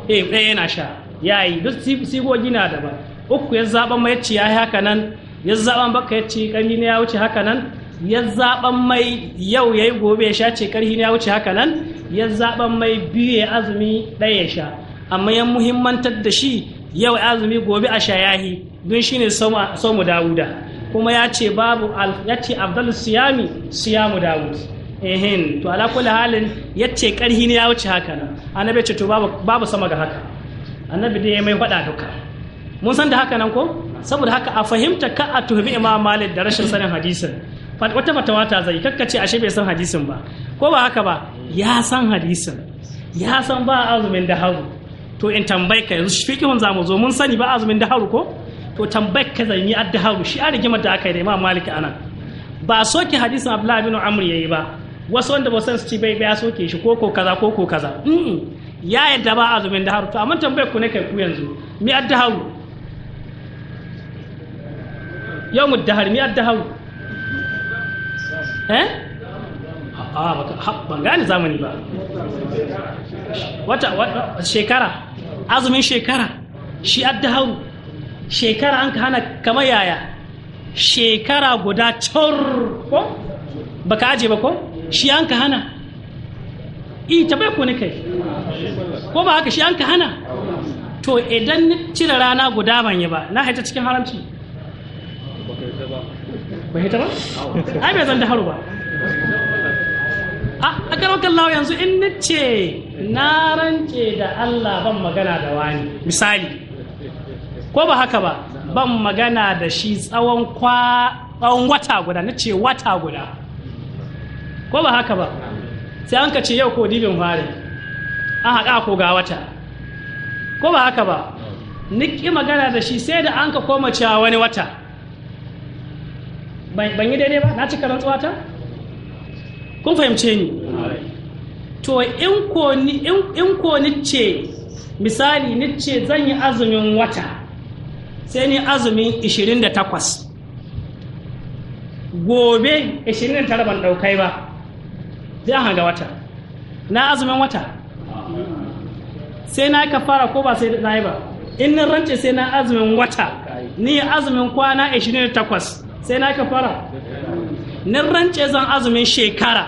eh ɗaya na sha ya yi duk sigogi na daban uku ya zaɓan mai ci ya yi haka nan ya zaɓan baka yace ƙarfi ne ya wuce haka nan ya zaɓan mai yau ya yi gobe ya sha ce ƙarfi ne ya wuce haka nan ya zaɓan mai biyu ya azumi ɗaya ya sha amma ya muhimmantar da shi yau azumi gobe a sha yahi don shi ne saumu dawuda kuma ya ce babu ya ce abdul siyami siyamu dawud ehin to ala kulli halin ya ce ƙarhi ne ya wuce haka nan annabi ce to babu sama ga haka annabi dai ya mai faɗa duka mun san da haka nan ko saboda haka a fahimta ka a tuhumi imam malik da rashin sanin hadisin wata fatawa ta zai kakkace ashe bai san hadisin ba ko ba haka ba ya san hadisin ya san ba azumin da haru to in tambayi ka yanzu fikihun zamu zo mun sani ba azumin da haru ko to tambayi ka zan yi addaharu shi a rigimar da aka yi da imam malik anan ba soke hadisin abdullahi bin amr yayi ba wasu wanda ba san su ci bai ya soke shi ko ko kaza ko ko kaza ya yadda ba azumin daharu to amma tambayar ku nake ku yanzu mi addaharu yawmu dahar mi addaharu eh a ban gane zamani ba wata shekara azumin shekara shi addaharu shekara an ka hana kamar yaya shekara guda cor ko baka aje ba ko shi an ka hana i ta bai ko ni kai ko ba haka shi an ka hana to idan ni cire rana guda ban yi ba na haita cikin haramci ba haita ba ai bai zan da haru ba a karon kallawa yanzu in ni ce na rance da Allah ban magana da wani misali ko ba haka ba ban magana da shi tsawon kwa tsawon wata guda na ce wata guda ko ba haka ba sai an ka ce yau ko dibin fari an haɗa ko ga wata ko ba haka ba niki magana da shi sai da an ka koma cewa wani wata ban yi daidai ba na cika rantsuwa ta kun fahimce ni to in ko ni ce misali ni ce zan yi azumin wata sai ni azumin 28 gobe 29 ban ɗaukai ba sai an ga wata na azumin wata sai na kafara ko ba sai na yi ba in na rance sai na azumin wata ni azumin kwana 28 sai na kafara ni rance zan azumin shekara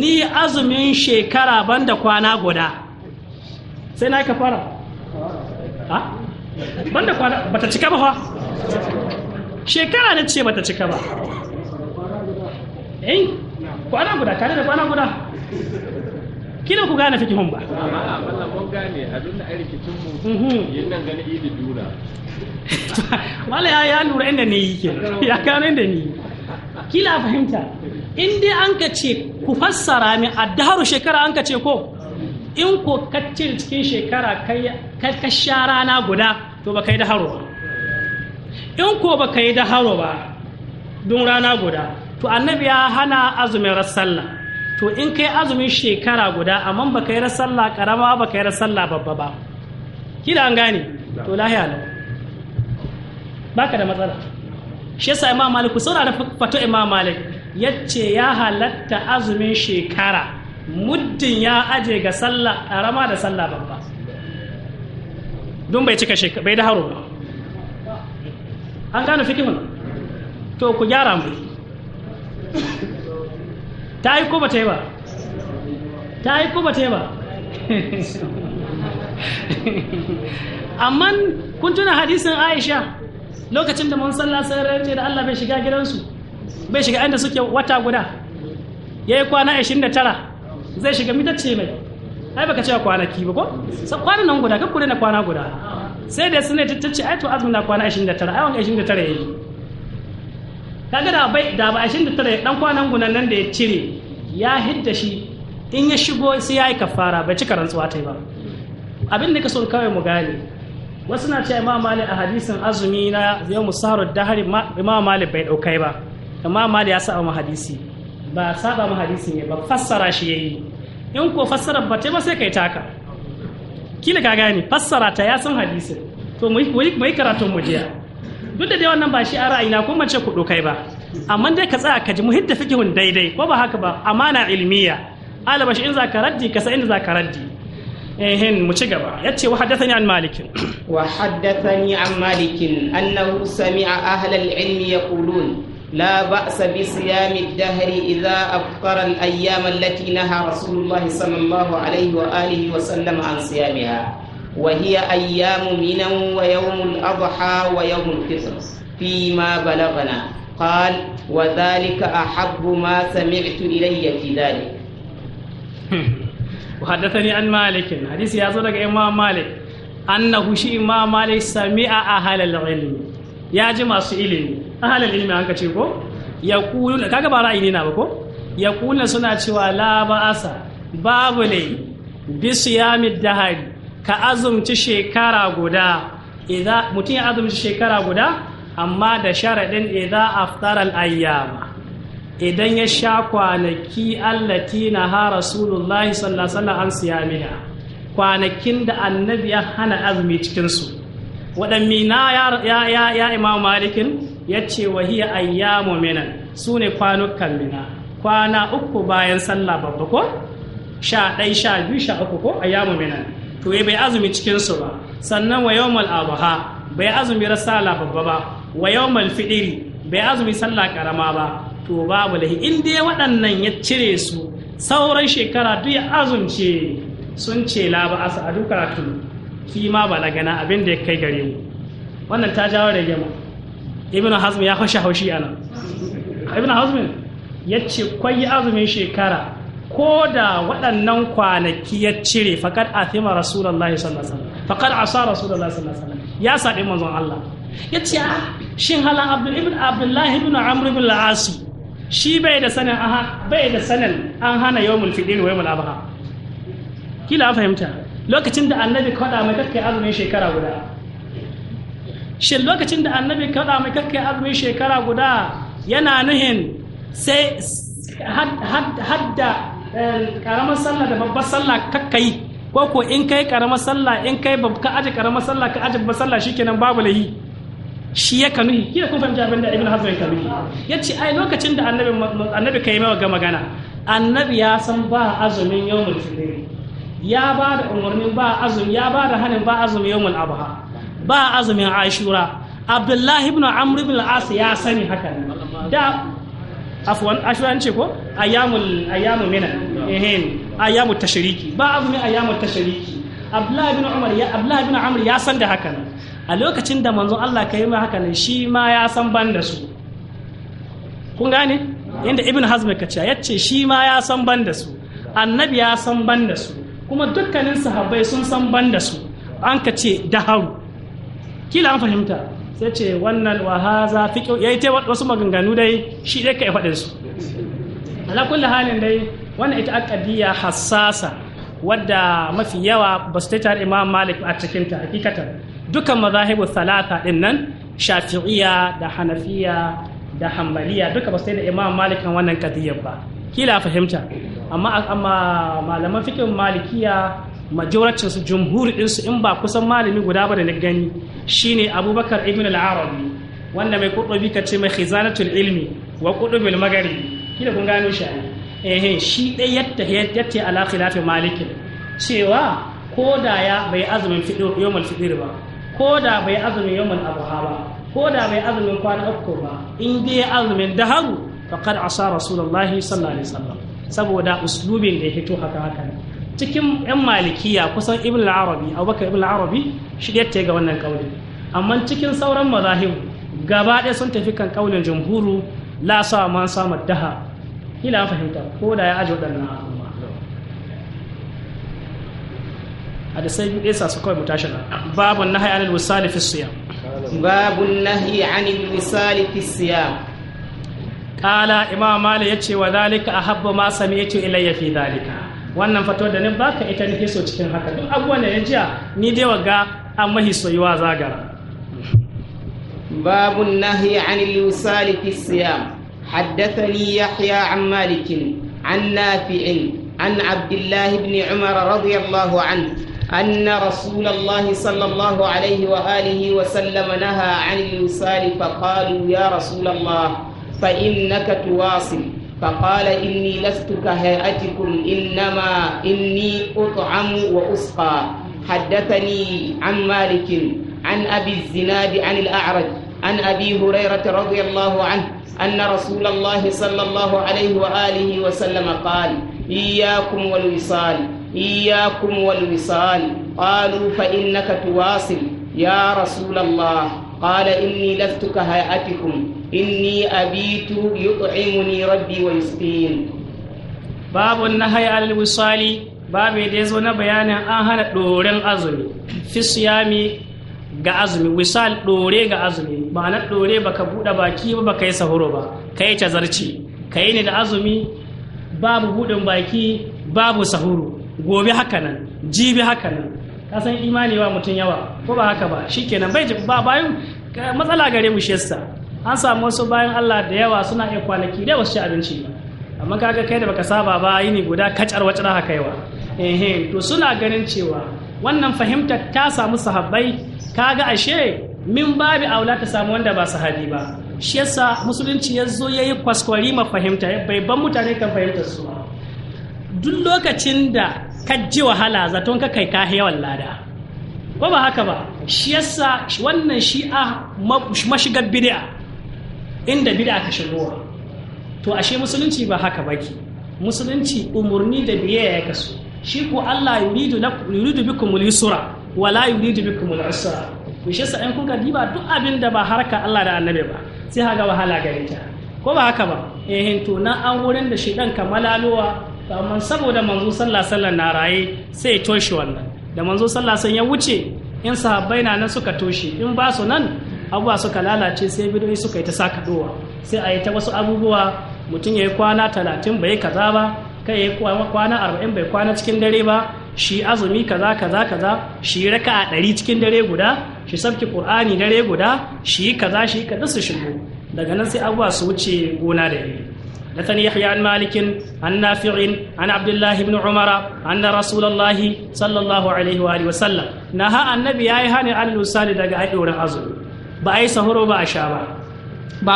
ni azumin shekara banda kwana guda sai na kafara ha banda kwana bata cika ba fa shekara na ce bata cika ba eh? kwana guda tare da kwana guda kila ku gane fikihun ba amma a mun gane ai rikicin mu mhm. gani idi dura wala ya ya lura inda ne yake ya gano inda ni kila fahimta in dai an ka ce ku fassara min a daharu shekara an ka ce ko in ko kaccin cikin shekara ka sha rana guda to ba ka yi haro ba in ko ba ka yi haro ba don rana guda to annabi ya hana azumin rassalla to in kai azumin shekara guda amma ka yi rassalla karama ka yi rassalla babba ba kila an gane to lahiya lau baka da matsala shi yasa imam malik ku saurara fato imam malik yace ya halatta azumin shekara muddin ya aje ga sallah karama da sallah babba don bai cika shekara bai da haro ba an gane fikimin to ku gyara mu ta yi ko ba ta yi ba ta yi ko ba ta yi ba amma kun tuna hadisin aisha lokacin da mun sallah sai rarrace da allah bai shiga gidansu bai shiga inda suke wata guda ya yi kwana 29 zai shiga mitacce mai ai baka cewa kwanaki ba ko kwanan nan guda kure na kwana guda sai da suna tattace ai to azumin na kwana 29 ai wanga 29 ya yi kaga da bai da ba 29 dan kwanan gunan nan da ya cire ya hidda shi in ya shigo sai ya yi kafara bai cika rantsuwa ta ba abin da ka so kawai mu gane wasu na cewa imam mali a hadisin azumi na yau musarar dahari imam mali bai daukai ba imam mali ya saba mu hadisi ba saba mu hadisi ne ba fassara shi yayi in ko fassara ba ta ba sai kai taka kila ka gane fassara ta ya san hadisin to mu yi karatun mu jiya duk da dai wannan ba shi a ra'ayina ko mace ku dokai ba amma dai ka tsaya ka ji muhidda fikihun daidai ko ba haka ba amana ilmiya alaba shi in za ka raddi ka sa in za ka raddi ehin mu ci gaba ya wa haddathani an malikin wa haddathani an malikin annahu sami'a ahlal ilmi yaqulun la ba'sa bi siyami dahri idza afṭara al ayyam allati naha rasulullah sallallahu alaihi wa alihi wa sallam an siyamiha وهي أيام منا ويوم الأضحى ويوم الفطر فيما بلغنا قال وذلك أحب ما سمعت إلي في ذلك وحدثني عن مالك حديث يزورك إمام مالك أنه شيء إمام مالك سمع أهل العلم يا جماعة سئلين أهل العلم أنك تشوفوا يقولون كاكا برأيني نابكو يقولون سنة لا بأس باب لي بصيام الدهر ka azumci shekara guda mutum ya azumci shekara guda amma da sharaɗin idan aftar al'ayyama ayyama idan ya sha kwanaki allati naha rasulullahi sallallahu alaihi wasallam an siyamiha kwanakin da annabi ya hana azumi cikinsu, su waɗannina ya ya ya malikin ya ce wa hiya ayyamu minan su ne kwanukan mina kwana uku bayan sallah babba ko sha ɗai sha biyu sha uku ko ayyamu minan to eh, bai azumi cikinsu ba sannan wa yawmal abaha bai azumi rasala babba ba wa yawmal fidiri bai azumi sallah karama ba to babu lahi in dai waɗannan ya cire su sauran shekara duk ya azumce sun ce la ba asa a duka kima gana abin da ya kai gare mu wannan ta jawo da gema ibn hazm ya fashe haushi ana ibn hazm ya ce kwayi azumin shekara ko da waɗannan kwanaki ya cire faƙar athima rasulullahi Allah ya sallasa faƙar asa rasulullahi sallallahu alaihi wasallam ya saɓi manzon Allah ya ce a ah, shin halan abdul abdullahi ibn amr ibn al shi bai da sanin aha bai da sanin an hana yawmul fidin wai yawmul abha kila fahimta lokacin da annabi kaɗa mai kakkai azumin shekara guda shin lokacin da annabi kaɗa mai kakkai azumin shekara guda yana nuhin sai hadda karamar sallah da babbar sallah kakkai ko ko in kai karamar sallah in kai ka aje karamar sallah ka aje babbar sallah shikenan babu lahi shi ya kanu kila kun fahimci abin da ibn hazm ya kanu yace ai lokacin da annabi annabi kai mai magana annabi ya san ba azumin yawmul fitr ya ba da umarnin ba azumi ya ba da hanin ba azumi yawmul abha ba azumin ashura abdullahi ibn amr ibn al-as ya sani haka da afwan ashura an ce ko ayyamul ayyamu mina ehin ayyamu tashriki ba azumin ayyamu tashriki abdullahi bin umar ya abdullahi bin amr ya san da haka a lokacin da manzon Allah kai ma haka shi ma ya san ban da su kun gane inda ibn hazm ka ce yace shi ma ya san ban da su annabi ya san ban da su kuma dukkanin sahabbai sun san ban da su an ka ce daharu kila an fahimta sai ce wannan wa haza fiqh ta wasu maganganu dai shi dai kai faɗin su ala kulli halin dai wannan ita aqdiyya hassasa wadda mafi yawa ba su tare imam malik a cikin ta hakikatan dukan mazahibu salata din nan shafi'iyya da hanafiya da hambaliya duka ba su da imam malik kan wannan qadiyyar ba kila fahimta amma amma malaman fiqh malikiya majorancin su jumhur su in ba kusan malami guda ba da na gani shine Abubakar ibn al-Arabi wanda mai kudubi ce mai khizanatul ilmi wa qudubul magari kila kun gano shi eh shi dai yatta yatta ala khilafi maliki cewa ko da ya bai azumin fidir yawmal fidir ba ko da bai azumin yawmal abuha ba ko da bai azumin kwana uku ba in dai azumin daharu faqad asa rasulullahi sallallahu alaihi wasallam saboda uslubin da ya fito haka haka cikin yan malikiya kusan ibn arabi abubakar ibn arabi shi ya ga wannan kauli amma cikin sauran mazahim gaba ɗaya sun tafi kan kaulin jamhuru la sa ma sama daha kila fahimta ko da ya aji waɗannan a da biyu ɗaya su kawai mu tashi na babu nahyi anil wisali fi siyam babu nahyi anil wisali fi siyam qala imam malik yace wa dhalika ahabba ma sami yace ilayya fi dalika." wannan fatuwar da ni baka ita ni so cikin haka duk abubuwan ne ya jiya ni dai waga an mahi soyuwa zagara babu nahi an lusali fi siyam haddathani yahya an malik an nafi'in an abdullahi ibn umar radiyallahu an أن رسول الله صلى الله عليه وآله وسلم نهى عن الوصال ya يا رسول الله فإنك تواصل فقال إني لست كهيئتكم إنما إني أطعم وأسقى حدثني عن مالك عن أبي الزناد عن الأعرج عن أبي هريرة رضي الله عنه أن رسول الله صلى الله عليه وآله وسلم قال إياكم والوصال إياكم والوصال قالوا فإنك تواصل يا رسول الله قال إني لست كهيئتكم inni abitu yut'imuni rabbi wa yusqin babu nahyi al wisali babu da yazo na bayanin an hana doren azumi fisyami ga azumi wisal dore ga azumi ma'anar dore baka bude baki ba baka yi sahuro ba kai ta zarci kai ne da azumi babu budin baki babu sahuro. gobe hakanan jibi hakanan kasan imani wa mutum yawa ko ba haka ba shikenan bai ba bayan matsala gare mu shesta an samu wasu bayan Allah da yawa suna iya kwanaki da wasu ci abinci ba amma kaga kai da baka saba ba ne guda kacar wacce raha kaiwa ehe to suna ganin cewa wannan fahimtar ta samu sahabbai kaga ashe min babi aula ta samu wanda ba su sahabi ba shi yasa musulunci ya zo yayi kwaskwari ma fahimta bai ban mutane kan fahimtar su duk lokacin da ka ji wahala zaton ka kai ka yawan lada ko ba haka ba shi yasa wannan shi'a mashigar bid'a inda bid'a ka shigowa to ashe musulunci ba haka baki musulunci umurni da biyayya ya kasu shi ko Allah yuridu yuridu bikum al-yusra wa la yuridu bikum al-usra ku shi sai kun diba duk abin da ba harka Allah da Annabi ba sai haga wahala gare ta ko ba haka ba eh to na an wurin da shedan kamalalowa amma saboda manzo sallallahu alaihi wasallam na raye sai ya toshe wannan da manzo sallallahu alaihi wasallam ya wuce in sahabbai na nan suka toshe in ba su nan abubuwa suka lalace sai bidoyi suka yi ta sakadowa sai a yi ta wasu abubuwa mutum ya yi kwana talatin bai kaza ba kai ya yi kwana arba'in bai kwana cikin dare ba shi azumi kaza kaza kaza shi raka a ɗari cikin dare guda shi sabki ƙur'ani dare guda shi kaza shi kaza su shigo daga nan sai abubuwa su wuce gona da yi حدثني يحيى عن مالك عن نافع عن عبد الله بن عمر عن رسول الله صلى الله عليه وآله وسلم نهى النبي أيها عن اللسان دقائق ورعزه ba a yi sahuro ba a sha ba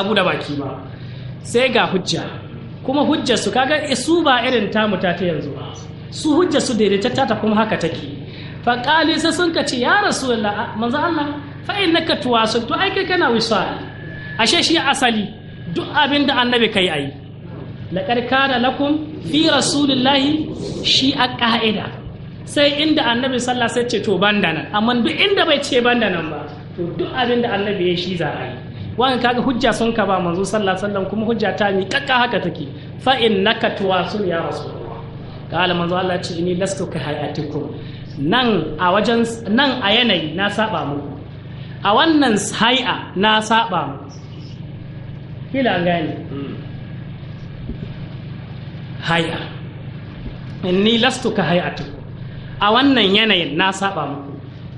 ba da baki ba sai ga hujja kuma hujjar su kaga eh, su ba irin tamu ta ta yanzu su hujjar su daidaitatta ta kuma haka take faƙali sai sun kace ya rasulullah manzo Allah fa innaka tuwasul to ai kai kana wisal ashe shi asali duk abin da annabi kai ayi laqad kana lakum fi rasulillahi shi a ka'ida sai inda annabi sallah sai ce to bandana nan amma duk inda bai ce banda nan ba to duk abin da annabi ya shi za a yi wani kaga hujja sun ka ba manzo sallallahu alaihi wasallam kuma hujja ta mi kakka haka take fa innaka tuwasul ya rasulullah kala manzo Allah ce ni lastu ka hayatikum nan a wajen nan a yanayi na saba muku a wannan hai'a na saba muku kila gani hai'a inni lastu ka hayatikum a wannan yanayin na saba muku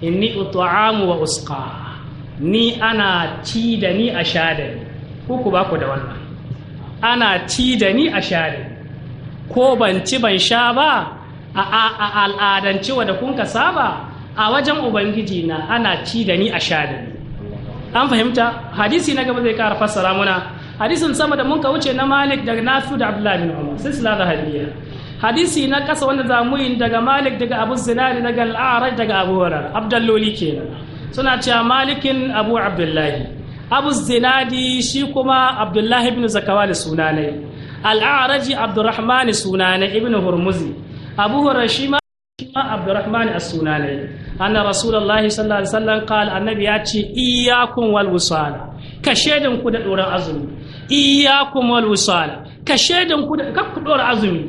inni utu'amu wa usqa ni ana ci da ni a sha da ko ku ba ku da wannan ana ci da ni a sha da ko ban ci ban sha ba a al'adanci wadda kun ka ba? a wajen ubangiji na ana ci da ni a sha da an fahimta hadisi na gaba zai kara fassara muna hadisin sama da mun ka wuce na malik daga nafi da abdullahi bin umar sila da hadiya hadisi na kasa wanda za mu yi daga malik daga abu zinari daga al'arar daga abu hurairah abdalloli kenan suna cewa malikin abu abdullahi abu zinadi shi kuma abdullahi ibn zakawa da sunanai al'araji abdurrahman sunanai ibn hurmuzi abu shi ma abdurrahman as-sunanai anna rasulullahi sallallahu alaihi wasallam qala annabi ya ce iyyakum wal wusala ka shaidan ku da doran azumi iyyakum wal wusala ka shaidan ku da kakku doran azumi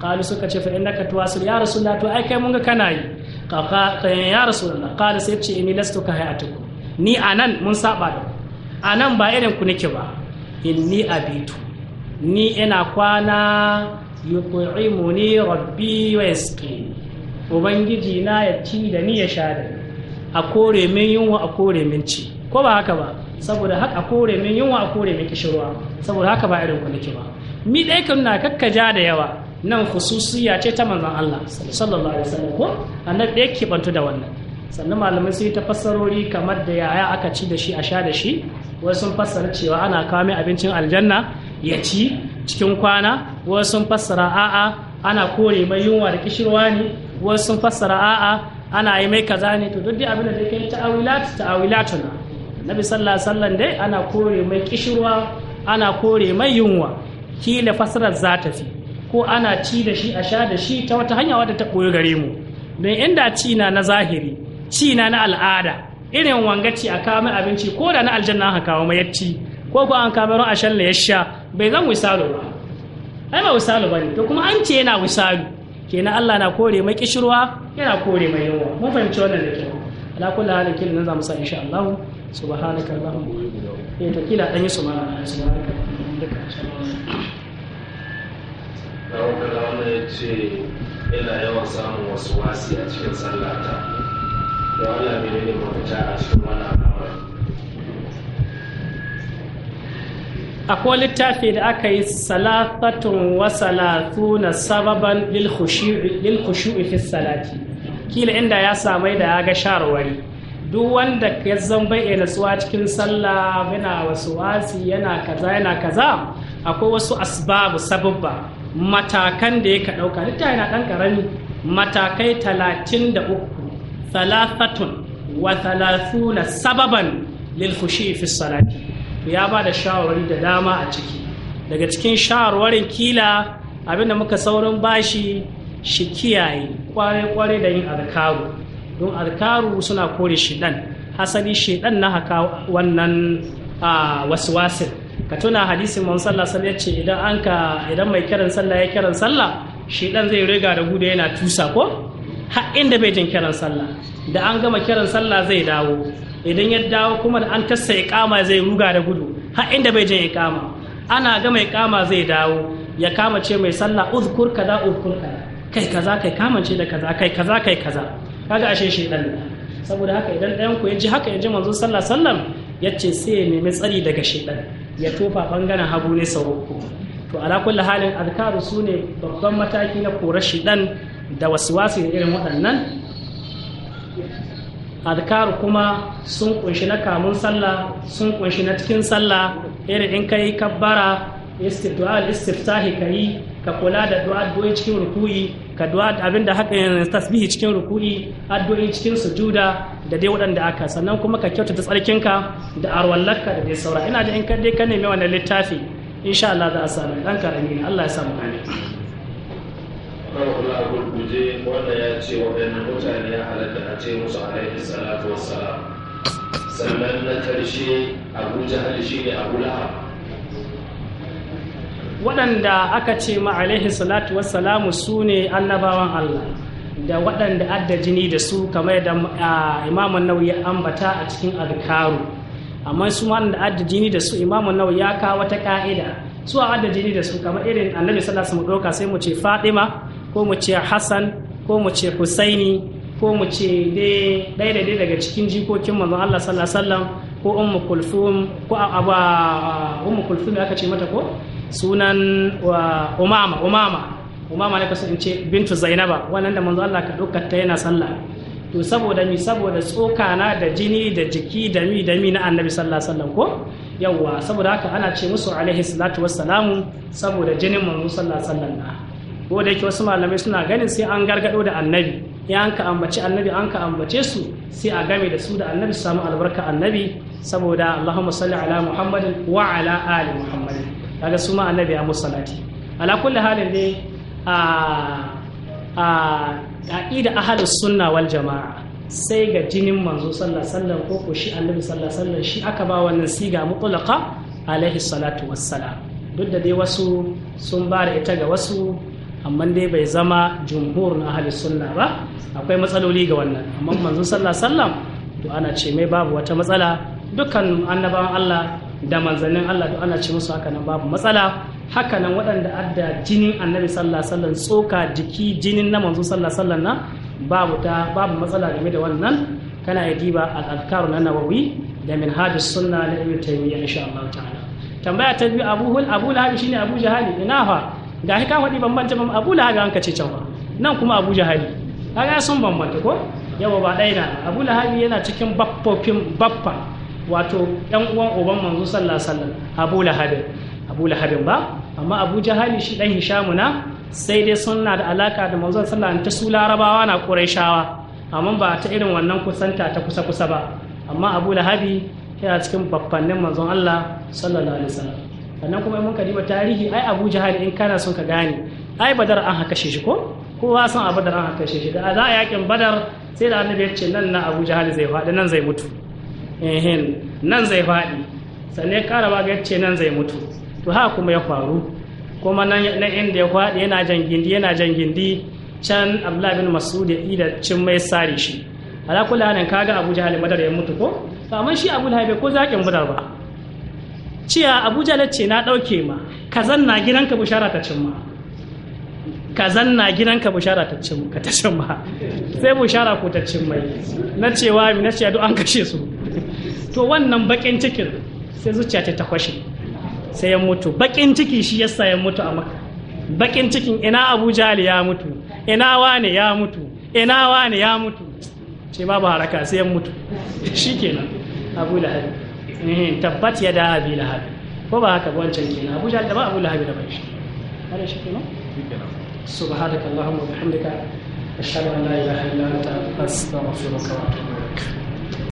qalu suka ce fa innaka tuwasil ya rasulullah to ai kai mun ga kana yi Eh, ya rasulullah qala sai ce inni lastu ka hayatukum ni anan mun saba da anan ba irin ku nake ba inni abitu ni ina kwana yut'imuni rabbi wa yasqi ubangiji na ya ci da ni ya sha da a kore min yunwa a kore min ci ko ba haka ba saboda haka a kore min yunwa a kore min kishirwa saboda haka ba irin ku nake ba mi dai kan na kakkaja da yawa nan khususiya ce ta manzon Allah sallallahu alaihi wasallam ko annabi da yake bantu da wannan sannan malamai sun yi ta fassarori kamar da yaya aka ci da shi a sha da shi wasu sun fassara cewa ana kawo mai abincin aljanna ya ci cikin kwana wasu sun fassara a'a ana kore mai yunwa da kishirwa ne wasu sun fassara a'a ana yi mai kaza ne to duk dai abin da dai kai ta'awilat ta'awilatuna nabi sallallahu alaihi wasallam dai ana kore mai kishirwa ana kore mai yunwa kila fassarar za ta fi ko ana ci da shi a sha da shi ta wata hanya wadda ta koyo gare mu don inda ci na na zahiri ci na na al'ada irin wangaci a kawo mai abinci ko da na aljanna aka kawo mai yacci ko ko an kawo a shan ya sha bai zan wisalu ba ai ba wisalu bane to kuma an ce yana wisalu kenan Allah na kore mai kishirwa yana kore mai yawa mun fahimci wannan da kyau ala kullu halin kin nan mu sa insha Allah subhanaka allahumma eh to kila dan yi subhanaka subhanaka duka don kada wanda ya ce yana yawan samun wasu wasi a cikin sallata da wannan mene ne mafita a cikin wani al'amari akwai littafi da aka yi salafatun wa salatu na sababan lil khushu'i fi salati kila inda ya samai da ya ga sharwari duk wanda ya zan bai natsuwa cikin sallah yana wasu wasi yana kaza yana kaza akwai wasu asbabu sababba matakan da yake ɗauka littafi yana ɗan ƙarami matakai talatin da uku salafatun wa na sababan lil fi salati to ya ba da shawarwari da dama a ciki daga cikin shawarwarin kila abinda muka saurin bashi shi kiyaye kware-kware da yin alkaru don alkaru suna kore shidan hasali shidan na haka wannan ah, wasu wasin ka tuna hadisin man sallah ya ce idan an ka idan mai kiran sallah ya kiran sallah shi dan zai riga da gudu yana tusa ko har inda bai jin kiran sallah da an gama kiran sallah zai dawo idan ya dawo kuma da an tassa iqama zai ruga da gudu har inda bai jin iqama ana gama iqama zai dawo ya kama ce mai sallah uzkur kaza uzkur kaza kai kaza kai kamance da kaza kai kaza kai kaza kaga ashe dan saboda haka idan ɗayan ku ya ji haka ya ji manzon sallah sallam Ya ce sai ya nemi tsari daga shaidan ya tofa bangaren hagu ne sau uku to ala kulli halin su ne babban mataki na korar shaidan da waswasi da irin waɗannan azkaru kuma sun kunshi na kamun sallah sun kunshi na cikin sallah irin in kai kabbara istidwal istiftahi kai ka kula da addu'o'i cikin ruku'i ka du'a abinda haka eh, tasbihi cikin ruku'i addu'o'i cikin sujuda da dai waɗanda aka sannan kuma ka kyautata tsarkinka da arwallarka da dai saura ina da in ka dai ka nemi wannan littafi insha Allah za a sami dan karami ne Allah ya samu gane Allah gurguje wanda ya ce waɗannan mutane ya halatta a ce musu alaihi salatu wassalam sannan na karshe Abu Jahal shi ne Abu Lahab waɗanda aka ce ma alaihi salatu wassalamu su ne annabawan Allah da waɗanda adda jini da su kamar da imamun nawawi ya ambata a cikin alkaru amma su waɗanda adda jini da su imamun nawawi ya kawo wata ka'ida su a adda jini da su kamar irin annabi sallallahu alaihi wasallam sai mu ce fatima ko mu ce hassan ko mu ce husaini ko mu ce dai da dai daga cikin jikokin manzon Allah sallallahu alaihi wasallam ko ummu kulthum ko aba ummu kulthum aka ce mata ko sunan umama umama umama in ce bintu zainaba wannan da manzo Allah ka ɗaukar ta yana sallah to saboda mi saboda tsokana da jini da jiki da mi da mi na annabi sallallahu alaihi wasallam ko yawwa saboda haka ana ce musu alaihi salatu wassalamu saboda jinin manzo sallallahu alaihi wasallam na ko da yake wasu malamai suna ganin sai an gargado da annabi ya an ka ambaci annabi an ka ambace su sai a game da su da annabi samu albarka annabi saboda Allahumma salli ala Muhammadin wa ala ali Muhammadin kaga su ma annabi ya musu salati ala kulli halin dai a aqida ahlus sunna wal jama'a sai ga jinin manzo sallallahu alaihi wasallam ko ko shi annabi sallallahu alaihi wasallam shi aka ba wannan siga mutlaqa alaihi salatu wassalam duk da dai wasu sun ba da ita ga wasu amma dai bai zama jumhur na sunna ba akwai matsaloli ga wannan amma manzo sallallahu alaihi wasallam to ana ce mai babu wata matsala dukkan annabawan Allah da manzannin Allah ana ce musu haka nan babu matsala haka nan waɗanda adda jinin annabi sallallahu alaihi wasallam tsoka jiki jinin na manzo sallallahu alaihi wasallam babu ta babu matsala game da wannan kana ya diba al-azkar na nawawi da minhajus sunna na ibnu taymiyyah insha Allah ta'ala tambaya ta biyu abu hul abu lahab shine abu jahali ina fa gashi ka faɗi bambanta ban abu lahab an kace ce can nan kuma abu jahali kaga sun bambanta ko yawa ba ɗaya na abu lahab yana cikin baffofin baffa wato ɗan uwan uban manzo sallallahu alaihi wasallam abu lahabin abu lahabin ba amma abu jahali shi dan hishamu na sai dai suna da alaka da manzo sallallahu ta su larabawa na qurayshawa amma ba ta irin wannan kusanta ta kusa kusa ba amma abu lahabi yana cikin babbannin manzon Allah sallallahu alaihi wasallam sannan kuma mun kadiba tarihi ai abu jahali in kana son ka gane ai badar an haka shi ko kowa san abu badar an haka shi da za a yakin badar sai da annabi ya ce nan na abu jahali zai faɗi nan zai mutu ehen nan zai faɗi sannan ƙara ba yace nan zai mutu to haka kuma ya faru kuma nan inda ya faɗi yana jan gindi yana jan gindi can abdullahi bin masud ya ida cin mai sare shi ala kulli halin kaga abu jahal madar ya mutu ko to amma shi abu bai ko zakin budar ba ciya abu jahal ce na dauke ma Ka zanna gidanka bushara ta cin ma kazan na gidanka bushara ta cin ka ta cin ma sai bushara ko ta cin mai na cewa mi na ce an kashe su to wannan bakin cikin sai zuciya ta kwashe sai ya mutu bakin ciki shi yasa ya mutu a maka bakin cikin ina abu jahal ya mutu ina wane ya mutu ina wane ya mutu ce babu haraka sai ya mutu shi shikenan abu lahab eh, tabbat ya da abu lahab ko ba haka ba wancan kenan abu jahal da ba abu lahab da bai shi هذا شكله سبحانك اللهم وبحمدك أشهد أن لا إله إلا أنت أستغفرك وأتوب إليك